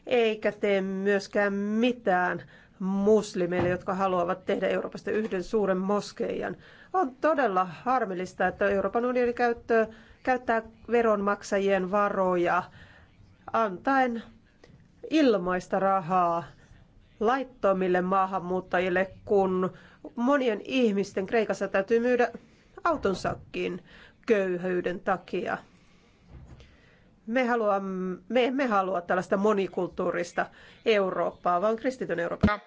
eikä tee myöskään mitään muslimeille, jotka haluavat tehdä Euroopasta yhden suuren moskeijan. On todella harmillista, että Euroopan unioni käyttää, käyttää veronmaksajien varoja antaen ilmaista rahaa laittomille maahanmuuttajille, kun monien ihmisten Kreikassa täytyy myydä auton köyhyyden takia. Me, haluamme, me emme halua tällaista monikulttuurista Eurooppaa, vaan kristityn Eurooppaa.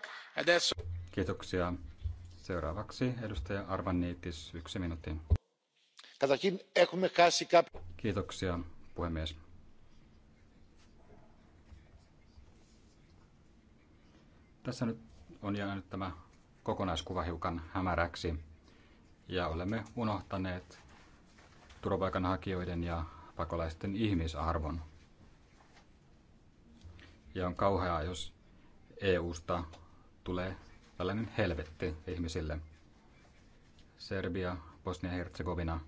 Kiitoksia.
Seuraavaksi edustaja Arvaniitis, yksi minuutti. Kiitoksia, puhemies. Tässä nyt on jäänyt tämä kokonaiskuva hiukan hämäräksi ja olemme unohtaneet turvapaikanhakijoiden ja pakolaisten ihmisarvon. Ja on kauheaa, jos EUsta tulee tällainen helvetti ihmisille. Serbia, Bosnia-Herzegovina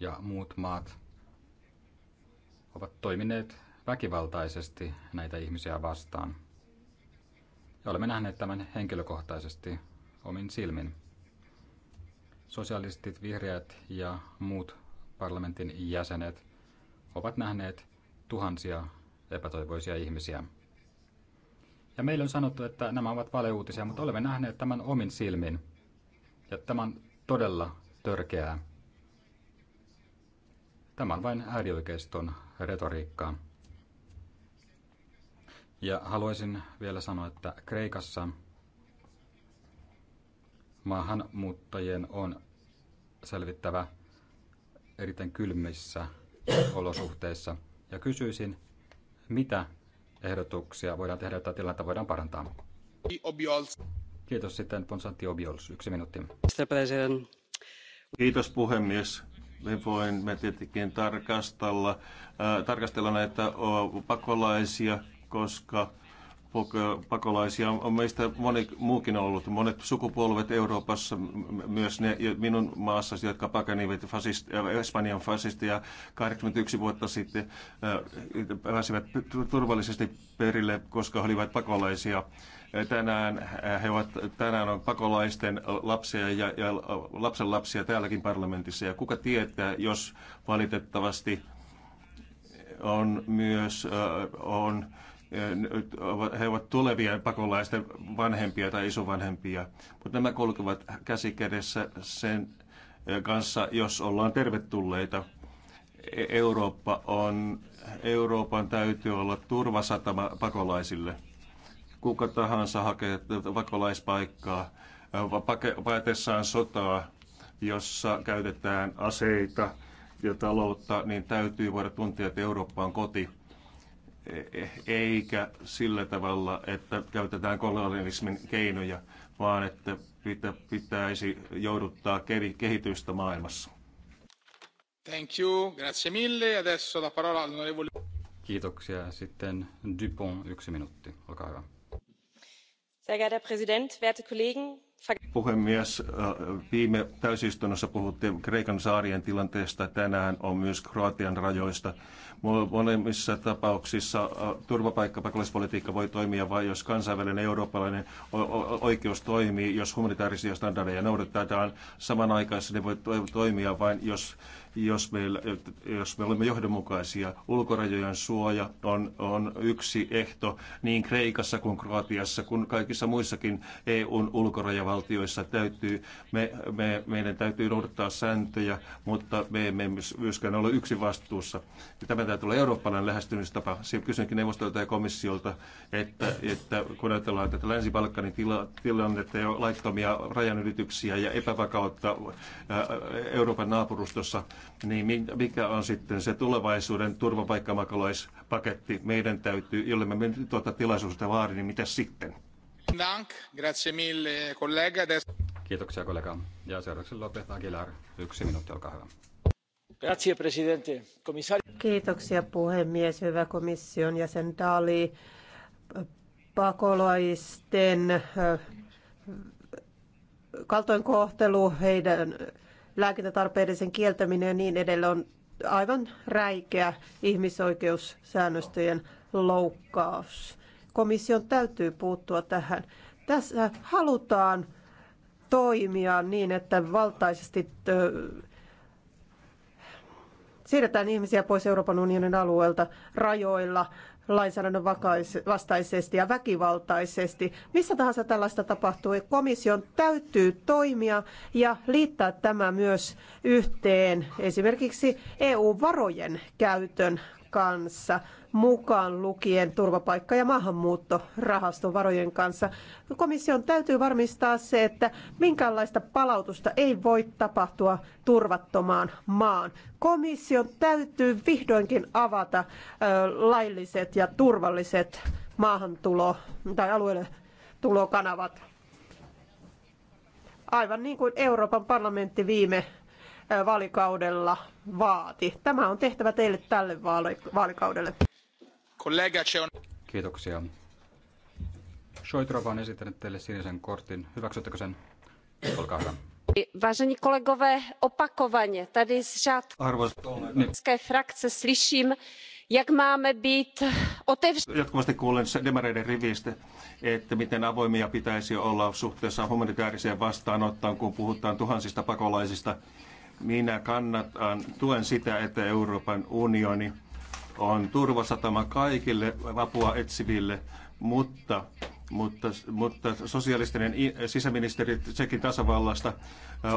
ja muut maat ovat toimineet väkivaltaisesti näitä ihmisiä vastaan. Ja olemme nähneet tämän henkilökohtaisesti omin silmin. Sosialistit, vihreät ja muut parlamentin jäsenet ovat nähneet tuhansia epätoivoisia ihmisiä. Ja meillä on sanottu, että nämä ovat valeuutisia, mutta olemme nähneet tämän omin silmin. Ja tämä on todella törkeää. Tämä on vain äärioikeiston retoriikkaa. Ja haluaisin vielä sanoa, että Kreikassa maahanmuuttajien on selvittävä erittäin kylmissä olosuhteissa. Ja kysyisin, mitä ehdotuksia voidaan tehdä, jotta tilannetta voidaan parantaa? Kiitos sitten Ponsantti Obiols. Yksi minuutti.
Kiitos puhemies. Me voimme tietenkin tarkastella, äh, tarkastella näitä pakolaisia, koska pakolaisia on meistä moni muukin ollut. Monet sukupolvet Euroopassa, myös ne minun maassa, jotka pakenivat fasist, äh, Espanjan fasisteja 81 vuotta sitten, äh, pääsivät turvallisesti perille, koska he olivat pakolaisia. Äh, tänään, he ovat, tänään on pakolaisten lapsia ja, ja lapsenlapsia täälläkin parlamentissa. Ja kuka tietää, jos valitettavasti on myös on he ovat tulevien pakolaisten vanhempia tai isovanhempia, mutta nämä kulkevat käsi kädessä sen eh, kanssa, jos ollaan tervetulleita. E-, Eurooppa on, Euroopan täytyy olla turvasatama pakolaisille. Kuka tahansa hakee pakolaispaikkaa eh, paetessaan sotaa, jossa käytetään aseita ja taloutta, niin täytyy voida tuntea, että Eurooppa on koti eikä sillä tavalla, että käytetään kolonialismin keinoja, vaan että pitäisi jouduttaa kehitystä maailmassa.
Thank you, grazie mille. Adesso la parola all'onorevole.
Kiitoksia. Sitten Dupont, yksi minuutti. Olkaa hyvä.
Sehr geehrter Präsident, werte Kollegen,
Puhemies, äh, viime täysistunnossa puhuttiin Kreikan saarien tilanteesta. Tänään on myös Kroatian rajoista. Molemmissa tapauksissa turvapaikkapakolaispolitiikka voi toimia vain, jos kansainvälinen eurooppalainen oikeus toimii, jos humanitaarisia standardeja noudatetaan. Samanaikaisesti ne voi toimia vain, jos jos, meillä, jos me olemme johdonmukaisia. Ulkorajojen suoja on, on yksi ehto niin Kreikassa kuin Kroatiassa kuin kaikissa muissakin EUn ulkorajavaltioissa. Täytyy, me, me, meidän täytyy noudattaa sääntöjä, mutta me emme myöskään ole yksi vastuussa. Tämä täytyy olla eurooppalainen lähestymistapa. Siinä kysynkin neuvostolta ja komissiolta, että, että kun ajatellaan tätä Länsi-Balkanin tila, tilannetta ja laittomia rajanylityksiä ja epävakautta Euroopan naapurustossa, niin mikä on sitten se tulevaisuuden turvapaikkamakalaispaketti Meidän täytyy, jolle me nyt tuota tilaisuutta vaadi, niin mitä sitten?
Dank, grazie mille, collega.
Kiitoksia kollega. Ja seuraavaksi
Lopet Aguilar. Yksi minuutti, olkaa hyvä. Grazie, presidente. Komissari...
Kiitoksia puhemies, hyvä komission jäsen Dali. Pakolaisten kaltoinkohtelu, heidän lääkintätarpeiden kieltäminen ja niin edelleen on aivan räikeä ihmisoikeussäännöstöjen loukkaus. Komission täytyy puuttua tähän. Tässä halutaan toimia niin, että valtaisesti siirretään ihmisiä pois Euroopan unionin alueelta rajoilla lainsäädännön vastaisesti ja väkivaltaisesti. Missä tahansa tällaista tapahtuu, komission täytyy toimia ja liittää tämä myös yhteen esimerkiksi EU-varojen käytön kanssa, mukaan lukien turvapaikka- ja maahanmuuttorahaston varojen kanssa. Komission täytyy varmistaa se, että minkäänlaista palautusta ei voi tapahtua turvattomaan maan. Komission täytyy vihdoinkin avata lailliset ja turvalliset maahantulo- tai alueelle tulokanavat. Aivan niin kuin Euroopan parlamentti viime vaalikaudella vaati. Tämä on tehtävä teille tälle vaalikaudelle.
Kiitoksia. Shoitrova on esittänyt teille sinisen kortin. Hyväksyttekö sen? Olkaa hyvä.
Vážení kolegové, opakovaně tady z řad politické frakce slyším, jak máme být otevření.
Jatkuvasti kuulen demareiden rivistä, että miten avoimia pitäisi olla suhteessa humanitaariseen vastaanottoon, kun puhutaan tuhansista pakolaisista minä kannatan, tuen sitä, että Euroopan unioni on turvasatama kaikille vapua etsiville, mutta mutta, mutta sosialistinen sisäministeri Tsekin tasavallasta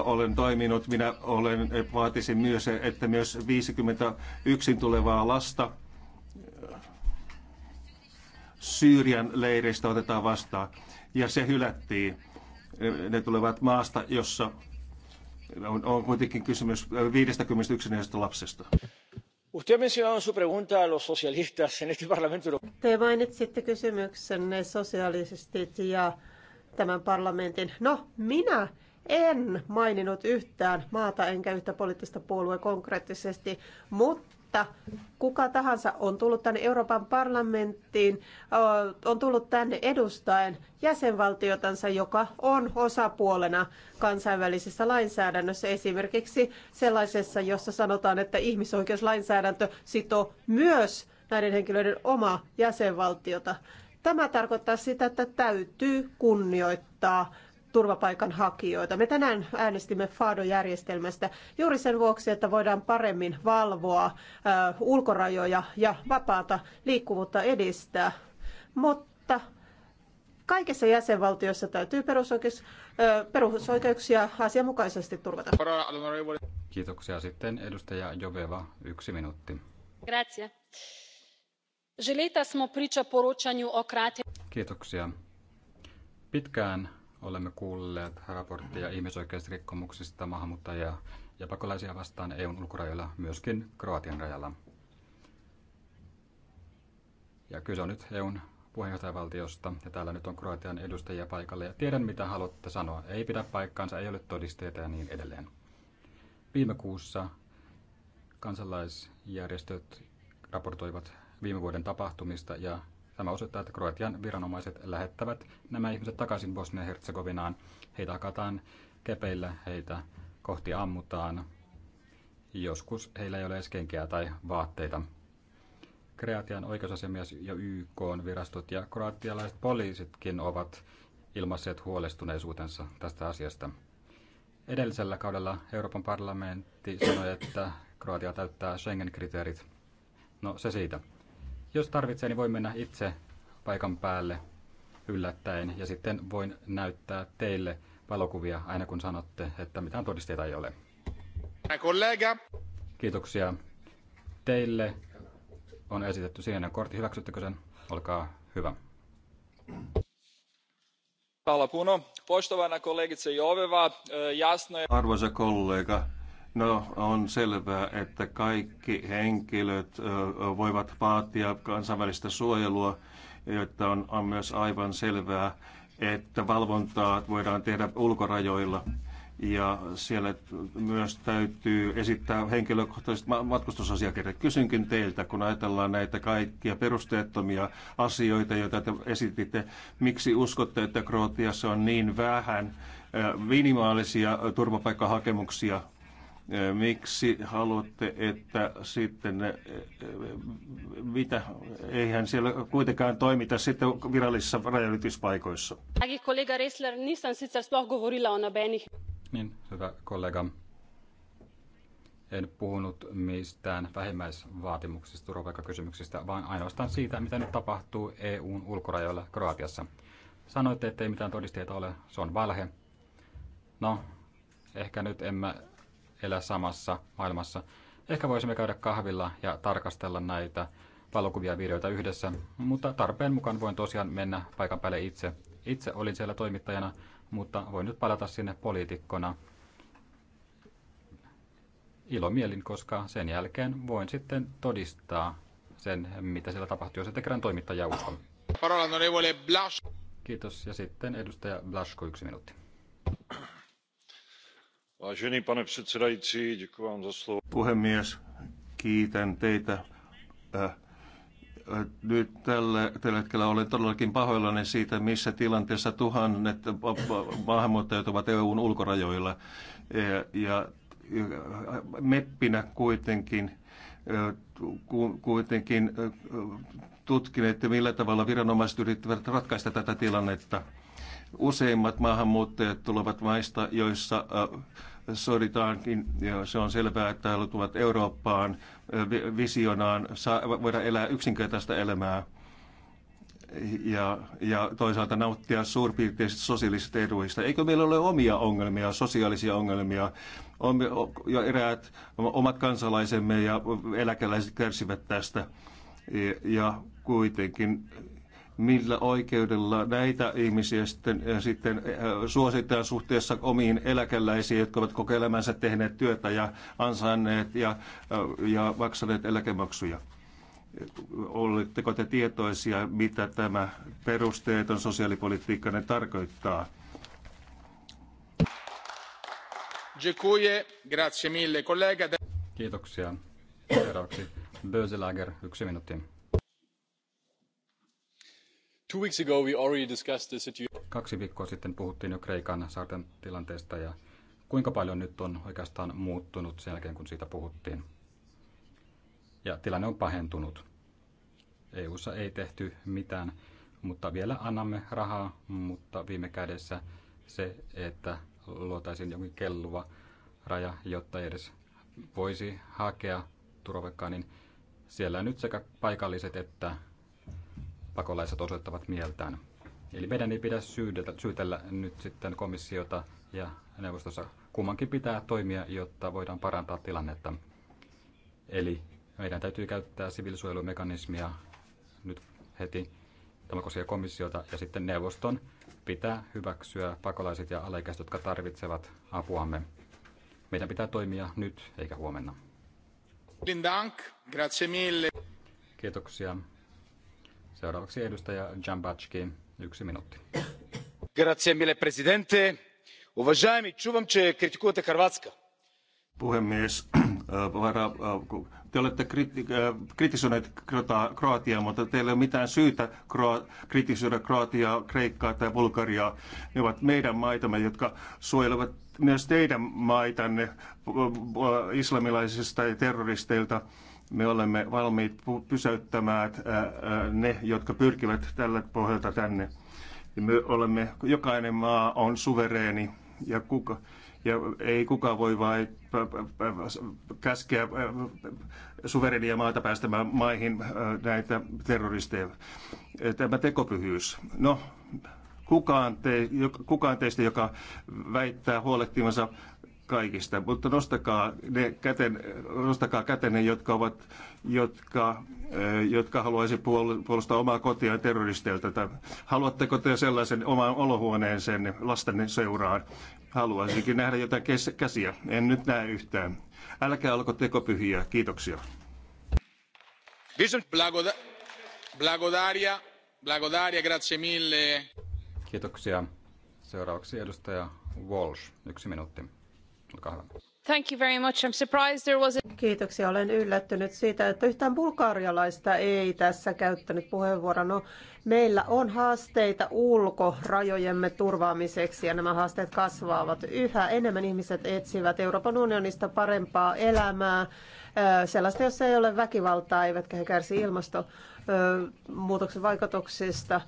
olen toiminut. Minä olen, vaatisin myös, että myös 50 tulevaa lasta Syyrian leireistä otetaan vastaan. Ja se hylättiin. Ne tulevat maasta, jossa on, on kuitenkin kysymys 51 äh, lapsesta. Usted mencionado en su pregunta a los socialistas en este Parlamento Europeo.
Te mainitsitte kysymyksenne sosialistit ja tämän parlamentin. No, minä en maininnut yhtään maata enkä yhtä poliittista puolue konkreettisesti, mutta että kuka tahansa on tullut tänne Euroopan parlamenttiin, on tullut tänne edustaen jäsenvaltiotansa, joka on osapuolena kansainvälisessä lainsäädännössä, esimerkiksi sellaisessa, jossa sanotaan, että ihmisoikeuslainsäädäntö sitoo myös näiden henkilöiden omaa jäsenvaltiota. Tämä tarkoittaa sitä, että täytyy kunnioittaa turvapaikanhakijoita. Me tänään äänestimme FADO-järjestelmästä juuri sen vuoksi, että voidaan paremmin valvoa ulkorajoja ja vapaata liikkuvuutta edistää. Mutta kaikissa jäsenvaltioissa täytyy perusoikeus, perusoikeuksia asianmukaisesti turvata.
Kiitoksia. Sitten edustaja Joveva, yksi minuutti.
Grazie. smo
Kiitoksia. Pitkään Olemme kuulleet raportteja ihmisoikeusrikkomuksista maahanmuuttajia ja pakolaisia vastaan EUn ulkorajoilla, myöskin Kroatian rajalla. Ja kyse on nyt EUn puheenjohtajavaltiosta, ja täällä nyt on Kroatian edustajia paikalle, ja tiedän mitä haluatte sanoa. Ei pidä paikkaansa, ei ole todisteita ja niin edelleen. Viime kuussa kansalaisjärjestöt raportoivat viime vuoden tapahtumista, ja Tämä osoittaa, että Kroatian viranomaiset lähettävät nämä ihmiset takaisin Bosnia-Herzegovinaan. Heitä hakataan kepeillä, heitä kohti ammutaan. Joskus heillä ei ole edes kenkiä tai vaatteita. Kreatian oikeusasiamies ja YK virastot ja kroatialaiset poliisitkin ovat ilmaisseet huolestuneisuutensa tästä asiasta. Edellisellä kaudella Euroopan parlamentti sanoi, että Kroatia täyttää Schengen-kriteerit. No se siitä. Jos tarvitsee, niin voi mennä itse paikan päälle yllättäen ja sitten voin näyttää teille valokuvia aina kun sanotte, että mitään todisteita ei ole. Kollega. Kiitoksia teille. On esitetty sininen kortti. Hyväksyttekö sen? Olkaa hyvä. Hvala puno. Poštovana Joveva, e, jasno
Arvoisa kollega, No, on selvää, että kaikki henkilöt voivat vaatia kansainvälistä suojelua, jotta on, on myös aivan selvää, että valvontaa voidaan tehdä ulkorajoilla. Ja siellä myös täytyy esittää henkilökohtaiset matkustusasiakirjat. Kysynkin teiltä, kun ajatellaan näitä kaikkia perusteettomia asioita, joita te esititte, miksi uskotte, että Kroatiassa on niin vähän minimaalisia turvapaikkahakemuksia Miksi haluatte, että sitten, mitä, eihän siellä kuitenkaan toimita sitten virallisissa rajanylityspaikoissa?
kollega Ressler, nisam sicer sploh govorila o
Niin, hyvä kollega.
En puhunut mistään vähimmäisvaatimuksista turvapaikkakysymyksistä, vaan ainoastaan siitä, mitä nyt tapahtuu EUn ulkorajoilla Kroatiassa. Sanoitte, että ei mitään todisteita ole, se on valhe. No, ehkä nyt emme elää samassa maailmassa. Ehkä voisimme käydä kahvilla ja tarkastella näitä valokuvia videoita yhdessä, mutta tarpeen mukaan voin tosiaan mennä paikan päälle itse. Itse olin siellä toimittajana, mutta voin nyt palata sinne poliitikkona ilomielin, koska sen jälkeen voin sitten todistaa sen, mitä siellä tapahtui, jos ette kerran toimittajia uskon. Kiitos ja sitten edustaja Blasko
yksi minuutti
pane předsedající,
Puhemies, kiitän teitä. Äh, äh, nyt tällä, tällä hetkellä olen todellakin pahoillani siitä, missä tilanteessa tuhannet maahanmuuttajat ovat EUn ulkorajoilla. Äh, ja, ja meppinä kuitenkin kuitenkin tutkineet, millä tavalla viranomaiset yrittävät ratkaista tätä tilannetta. Useimmat maahanmuuttajat tulevat maista, joissa äh, soditaankin. Se on selvää, että he tulevat Eurooppaan äh, visionaan, voida elää yksinkertaista elämää ja, ja toisaalta nauttia suurpiirteisistä sosiaalisista eduista. Eikö meillä ole omia ongelmia, sosiaalisia ongelmia? On, jo eräät omat kansalaisemme ja eläkeläiset kärsivät tästä. Ja kuitenkin millä oikeudella näitä ihmisiä sitten, äh, sitten äh, suositaan suhteessa omiin eläkeläisiin, jotka ovat koko elämänsä tehneet työtä ja ansainneet ja, äh, ja maksaneet eläkemaksuja. Oletteko te tietoisia, mitä tämä perusteeton ne tarkoittaa?
Kiitoksia. Seuraavaksi Böselager, yksi minuutti. Kaksi viikkoa sitten puhuttiin jo Kreikan saarten tilanteesta ja kuinka paljon nyt on oikeastaan muuttunut sen jälkeen, kun siitä puhuttiin. Ja tilanne on pahentunut. EUssa ei tehty mitään, mutta vielä annamme rahaa, mutta viime kädessä se, että luotaisiin jokin kelluva raja, jotta edes voisi hakea turvapaikkaa, niin siellä nyt sekä paikalliset että pakolaiset osoittavat mieltään. Eli meidän ei pidä syytellä, syytellä nyt sitten komissiota ja neuvostossa. Kummankin pitää toimia, jotta voidaan parantaa tilannetta. Eli meidän täytyy käyttää sivilisuojelumekanismia nyt heti. Tämä koskee komissiota ja sitten neuvoston pitää hyväksyä pakolaiset ja alaikäiset, jotka tarvitsevat apuamme. Meidän pitää toimia nyt eikä
huomenna. Grazie mille.
Kiitoksia. Seuraavaksi edustaja Jambatski, yksi minuutti. Grazie mille
presidente. Уважаеми, чувам, че критикувате Харватска.
Puhemies, äh, vara, äh, te olette äh, kritisoineet Kroatiaa, mutta teillä ei ole mitään syytä Kroa- kritisoida Kroatiaa, Kreikkaa tai Bulgariaa. Ne ovat meidän maitamme, jotka suojelevat myös teidän maitanne islamilaisista terroristeilta me olemme valmiit pysäyttämään äh, äh, ne, jotka pyrkivät tällä pohjalta tänne. Me olemme, jokainen maa on suvereeni ja kuka, ja ei kukaan voi vain käskeä äh, suvereenia maata päästämään maihin näitä terroristeja. Tämä tekopyhyys. No, kukaan, te, kukaan teistä, joka väittää huolehtivansa kaikista, mutta nostakaa, ne käten, nostakaa ne, jotka, ovat, jotka, eh, jotka haluaisi puolustaa omaa kotiaan terroristeilta. Haluatteko te sellaisen oman olohuoneeseen lastenne seuraan? Haluaisinkin nähdä jotain käsiä. En nyt näe yhtään. Älkää alko tekopyhiä. Kiitoksia.
Blagodaria, Blagodaria, grazie mille.
Kiitoksia. Seuraavaksi
edustaja Walsh, yksi minuutti.
Kiitoksia. Olen yllättynyt siitä, että yhtään bulgarialaista ei tässä käyttänyt puheenvuoroa. No, meillä on haasteita ulkorajojemme turvaamiseksi ja nämä haasteet kasvaavat. Yhä enemmän ihmiset etsivät Euroopan unionista parempaa elämää, sellaista, jossa ei ole väkivaltaa, eivätkä he kärsi ilmastonmuutoksen vaikutuksista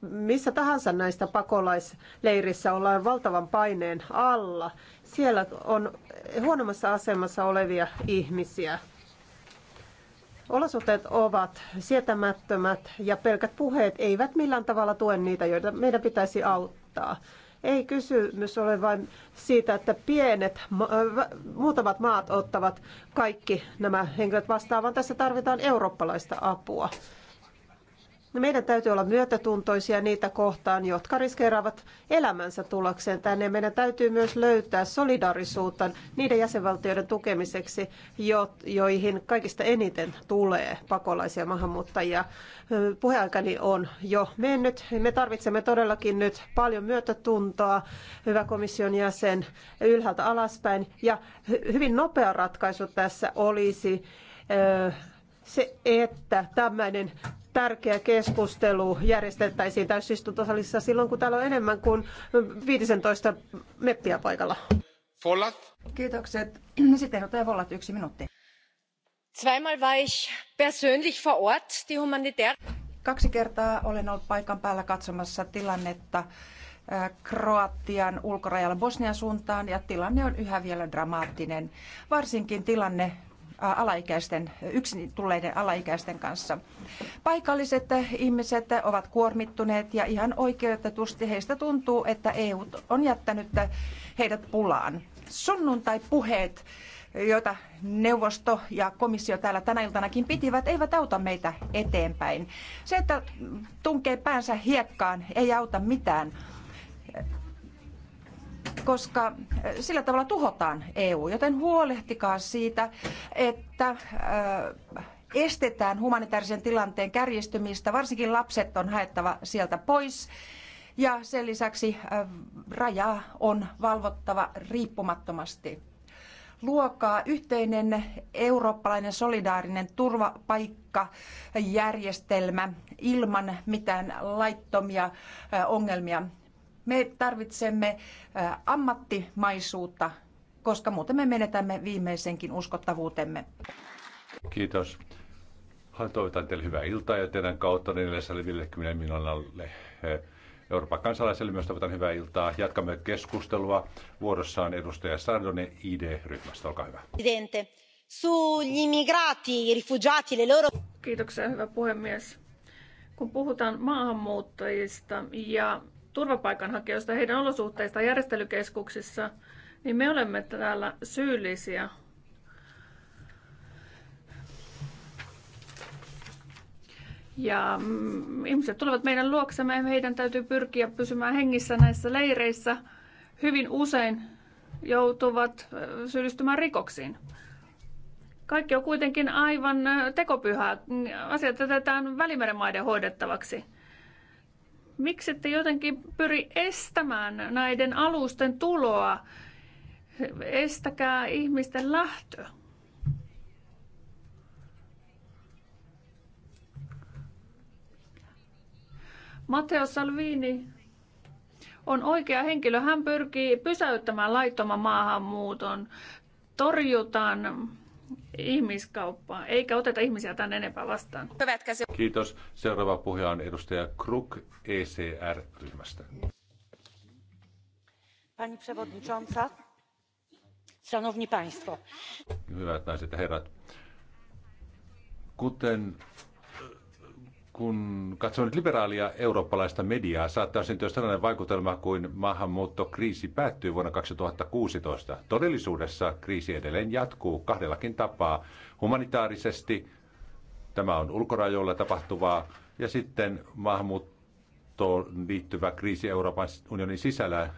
missä tahansa näistä pakolaisleirissä ollaan valtavan paineen alla. Siellä on huonommassa asemassa olevia ihmisiä. Olosuhteet ovat sietämättömät ja pelkät puheet eivät millään tavalla tue niitä, joita meidän pitäisi auttaa. Ei kysymys ole vain siitä, että pienet, muutamat maat ottavat kaikki nämä henkilöt vastaan, vaan tässä tarvitaan eurooppalaista apua. No, meidän täytyy olla myötätuntoisia niitä kohtaan, jotka riskeeraavat elämänsä tulokseen tänne. Meidän täytyy myös löytää solidaarisuutta niiden jäsenvaltioiden tukemiseksi, joihin kaikista eniten tulee pakolaisia maahanmuuttajia. Puheaikani on jo mennyt. Me tarvitsemme todellakin nyt paljon myötätuntoa, hyvä komission jäsen, ylhäältä alaspäin. Ja hyvin nopea ratkaisu tässä olisi se, että tämmöinen tärkeä keskustelu järjestettäisiin täysistuntosalissa silloin, kun täällä on enemmän kuin 15 meppiä paikalla. Follat. Kiitokset.
Sitten edustaja Follat, yksi minuutti. Zweimal war ich persönlich vor Ort, die Kaksi kertaa olen ollut paikan päällä katsomassa tilannetta äh, Kroatian ulkorajalla Bosnian suuntaan ja tilanne on yhä vielä dramaattinen. Varsinkin tilanne alaikäisten, yksin tulleiden alaikäisten kanssa. Paikalliset ihmiset ovat kuormittuneet ja ihan oikeutetusti heistä tuntuu, että EU on jättänyt heidät pulaan. Sunnuntai-puheet joita neuvosto ja komissio täällä tänä iltanakin pitivät, eivät auta meitä eteenpäin. Se, että tunkee päänsä hiekkaan, ei auta mitään koska sillä tavalla tuhotaan EU. Joten huolehtikaa siitä, että estetään humanitaarisen tilanteen kärjistymistä. Varsinkin lapset on haettava sieltä pois. Ja sen lisäksi raja on valvottava riippumattomasti. Luokaa yhteinen eurooppalainen solidaarinen turvapaikkajärjestelmä ilman mitään laittomia ongelmia me tarvitsemme ammattimaisuutta, koska muuten me menetämme viimeisenkin uskottavuutemme.
Kiitos. Toivotan teille hyvää iltaa ja teidän kautta 450 miljoonalle Euroopan kansalaiselle myös toivotan hyvää iltaa. Jatkamme keskustelua. Vuorossa on edustaja Sardone ID-ryhmästä. Olkaa hyvä.
Presidente, sugli rifugiati, Kiitoksia, hyvä
puhemies. Kun puhutaan maahanmuuttajista ja turvapaikanhakijoista ja heidän olosuhteista järjestelykeskuksissa, niin me olemme täällä syyllisiä. Ja mm, ihmiset tulevat meidän luoksemme ja meidän täytyy pyrkiä pysymään hengissä näissä leireissä. Hyvin usein joutuvat syyllistymään rikoksiin. Kaikki on kuitenkin aivan tekopyhää. Asiat jätetään välimeren maiden hoidettavaksi. Miksi ette jotenkin pyri estämään näiden alusten tuloa? Estäkää ihmisten lähtö. Matteo Salvini on oikea henkilö. Hän pyrkii pysäyttämään laittoman maahanmuuton. Torjutaan ihmiskauppaa, eikä oteta ihmisiä tämän enempää vastaan.
Kiitos. Seuraava puhuja on edustaja Kruk ECR-ryhmästä.
Pani przewodnicząca, szanowni państwo.
Hyvät naiset ja herrat, kuten kun katsoo nyt liberaalia eurooppalaista mediaa, saattaa syntyä sellainen vaikutelma kuin maahanmuuttokriisi päättyy vuonna 2016. Todellisuudessa kriisi edelleen jatkuu kahdellakin tapaa. Humanitaarisesti tämä on ulkorajoilla tapahtuvaa ja sitten maahanmuuttoon liittyvä kriisi Euroopan unionin sisällä.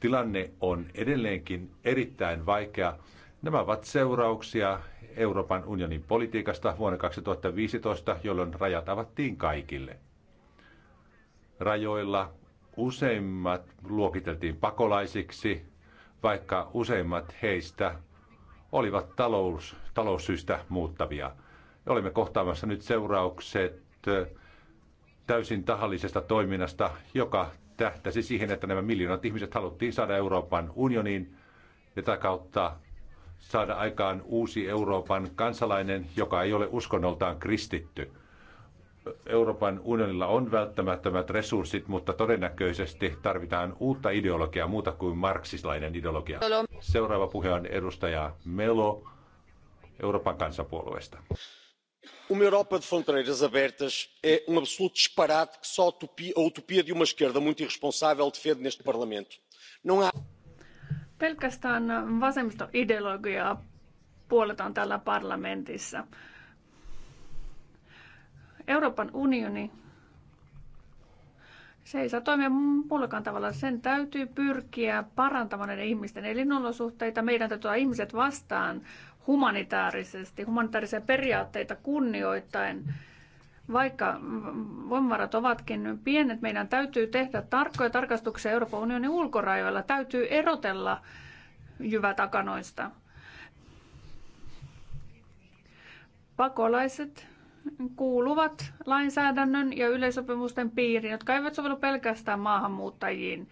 Tilanne on edelleenkin erittäin vaikea. Nämä ovat seurauksia Euroopan unionin politiikasta vuonna 2015, jolloin rajat avattiin kaikille. Rajoilla useimmat luokiteltiin pakolaisiksi, vaikka useimmat heistä olivat talous, taloussyistä muuttavia. Olemme kohtaamassa nyt seuraukset täysin tahallisesta toiminnasta, joka tähtäsi siihen, että nämä miljoonat ihmiset haluttiin saada Euroopan unioniin ja tätä kautta saada aikaan uusi Euroopan kansalainen, joka ei ole uskonnoltaan kristitty. Euroopan unionilla on välttämättömät resurssit, mutta todennäköisesti tarvitaan uutta ideologiaa, muuta kuin marksislainen ideologia. Seuraava puhe on edustaja Melo Euroopan kansanpuolueesta.
Uma Europa de fronteiras
abertas
é um absoluto disparate que só a utopia de uma esquerda muito irresponsável defende neste Parlamento. Não há...
Pelkästään vasemmistoideologiaa puoletaan täällä parlamentissa. Euroopan unioni, se ei saa toimia muullakaan tavalla. Sen täytyy pyrkiä parantamaan ne ihmisten elinolosuhteita. Meidän täytyy olla ihmiset vastaan humanitaarisesti, humanitaarisia periaatteita kunnioittaen vaikka voimavarat ovatkin pienet, meidän täytyy tehdä tarkkoja tarkastuksia Euroopan unionin ulkorajoilla. Täytyy erotella takanoista. Pakolaiset kuuluvat lainsäädännön ja yleisopimusten piiriin, jotka eivät sovellu pelkästään maahanmuuttajiin.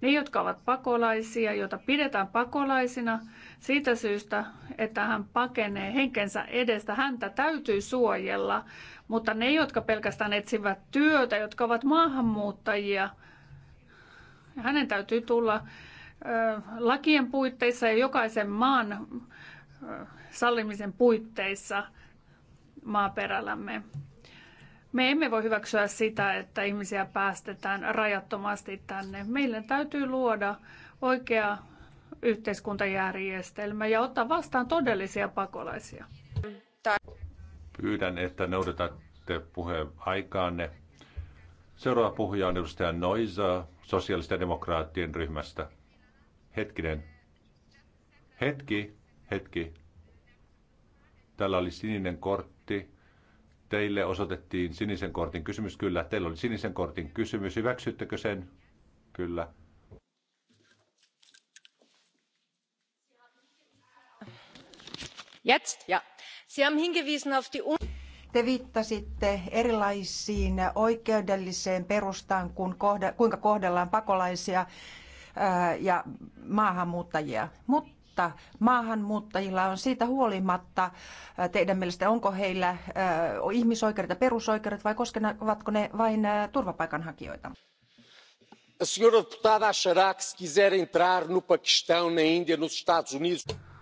Ne, jotka ovat pakolaisia, joita pidetään pakolaisina siitä syystä, että hän pakenee henkensä edestä, häntä täytyy suojella mutta ne, jotka pelkästään etsivät työtä, jotka ovat maahanmuuttajia, hänen täytyy tulla lakien puitteissa ja jokaisen maan sallimisen puitteissa maaperällämme. Me emme voi hyväksyä sitä, että ihmisiä päästetään rajattomasti tänne. Meillä täytyy luoda oikea yhteiskuntajärjestelmä ja ottaa vastaan todellisia pakolaisia.
Pyydän, että noudatatte puheen aikaanne. Seuraava puhuja on edustaja Noisa sosiaalisten demokraattien ryhmästä. Hetkinen. Hetki, hetki. Tällä oli sininen kortti. Teille osoitettiin sinisen kortin kysymys. Kyllä, teillä oli sinisen kortin kysymys. Hyväksyttekö sen? Kyllä.
Jetzt, ja te viittasitte erilaisiin oikeudelliseen perustaan, kun kohda, kuinka kohdellaan pakolaisia ää, äh, ja maahanmuuttajia. Mutta maahanmuuttajilla on siitä huolimatta, ää, äh, teidän mielestä onko heillä ää, äh, ihmisoikeudet ja perusoikeudet vai koskevatko ne vain ää, turvapaikanhakijoita?
senhora deputada achará que quiser entrar no Paquistão, na Índia, nos Estados Unidos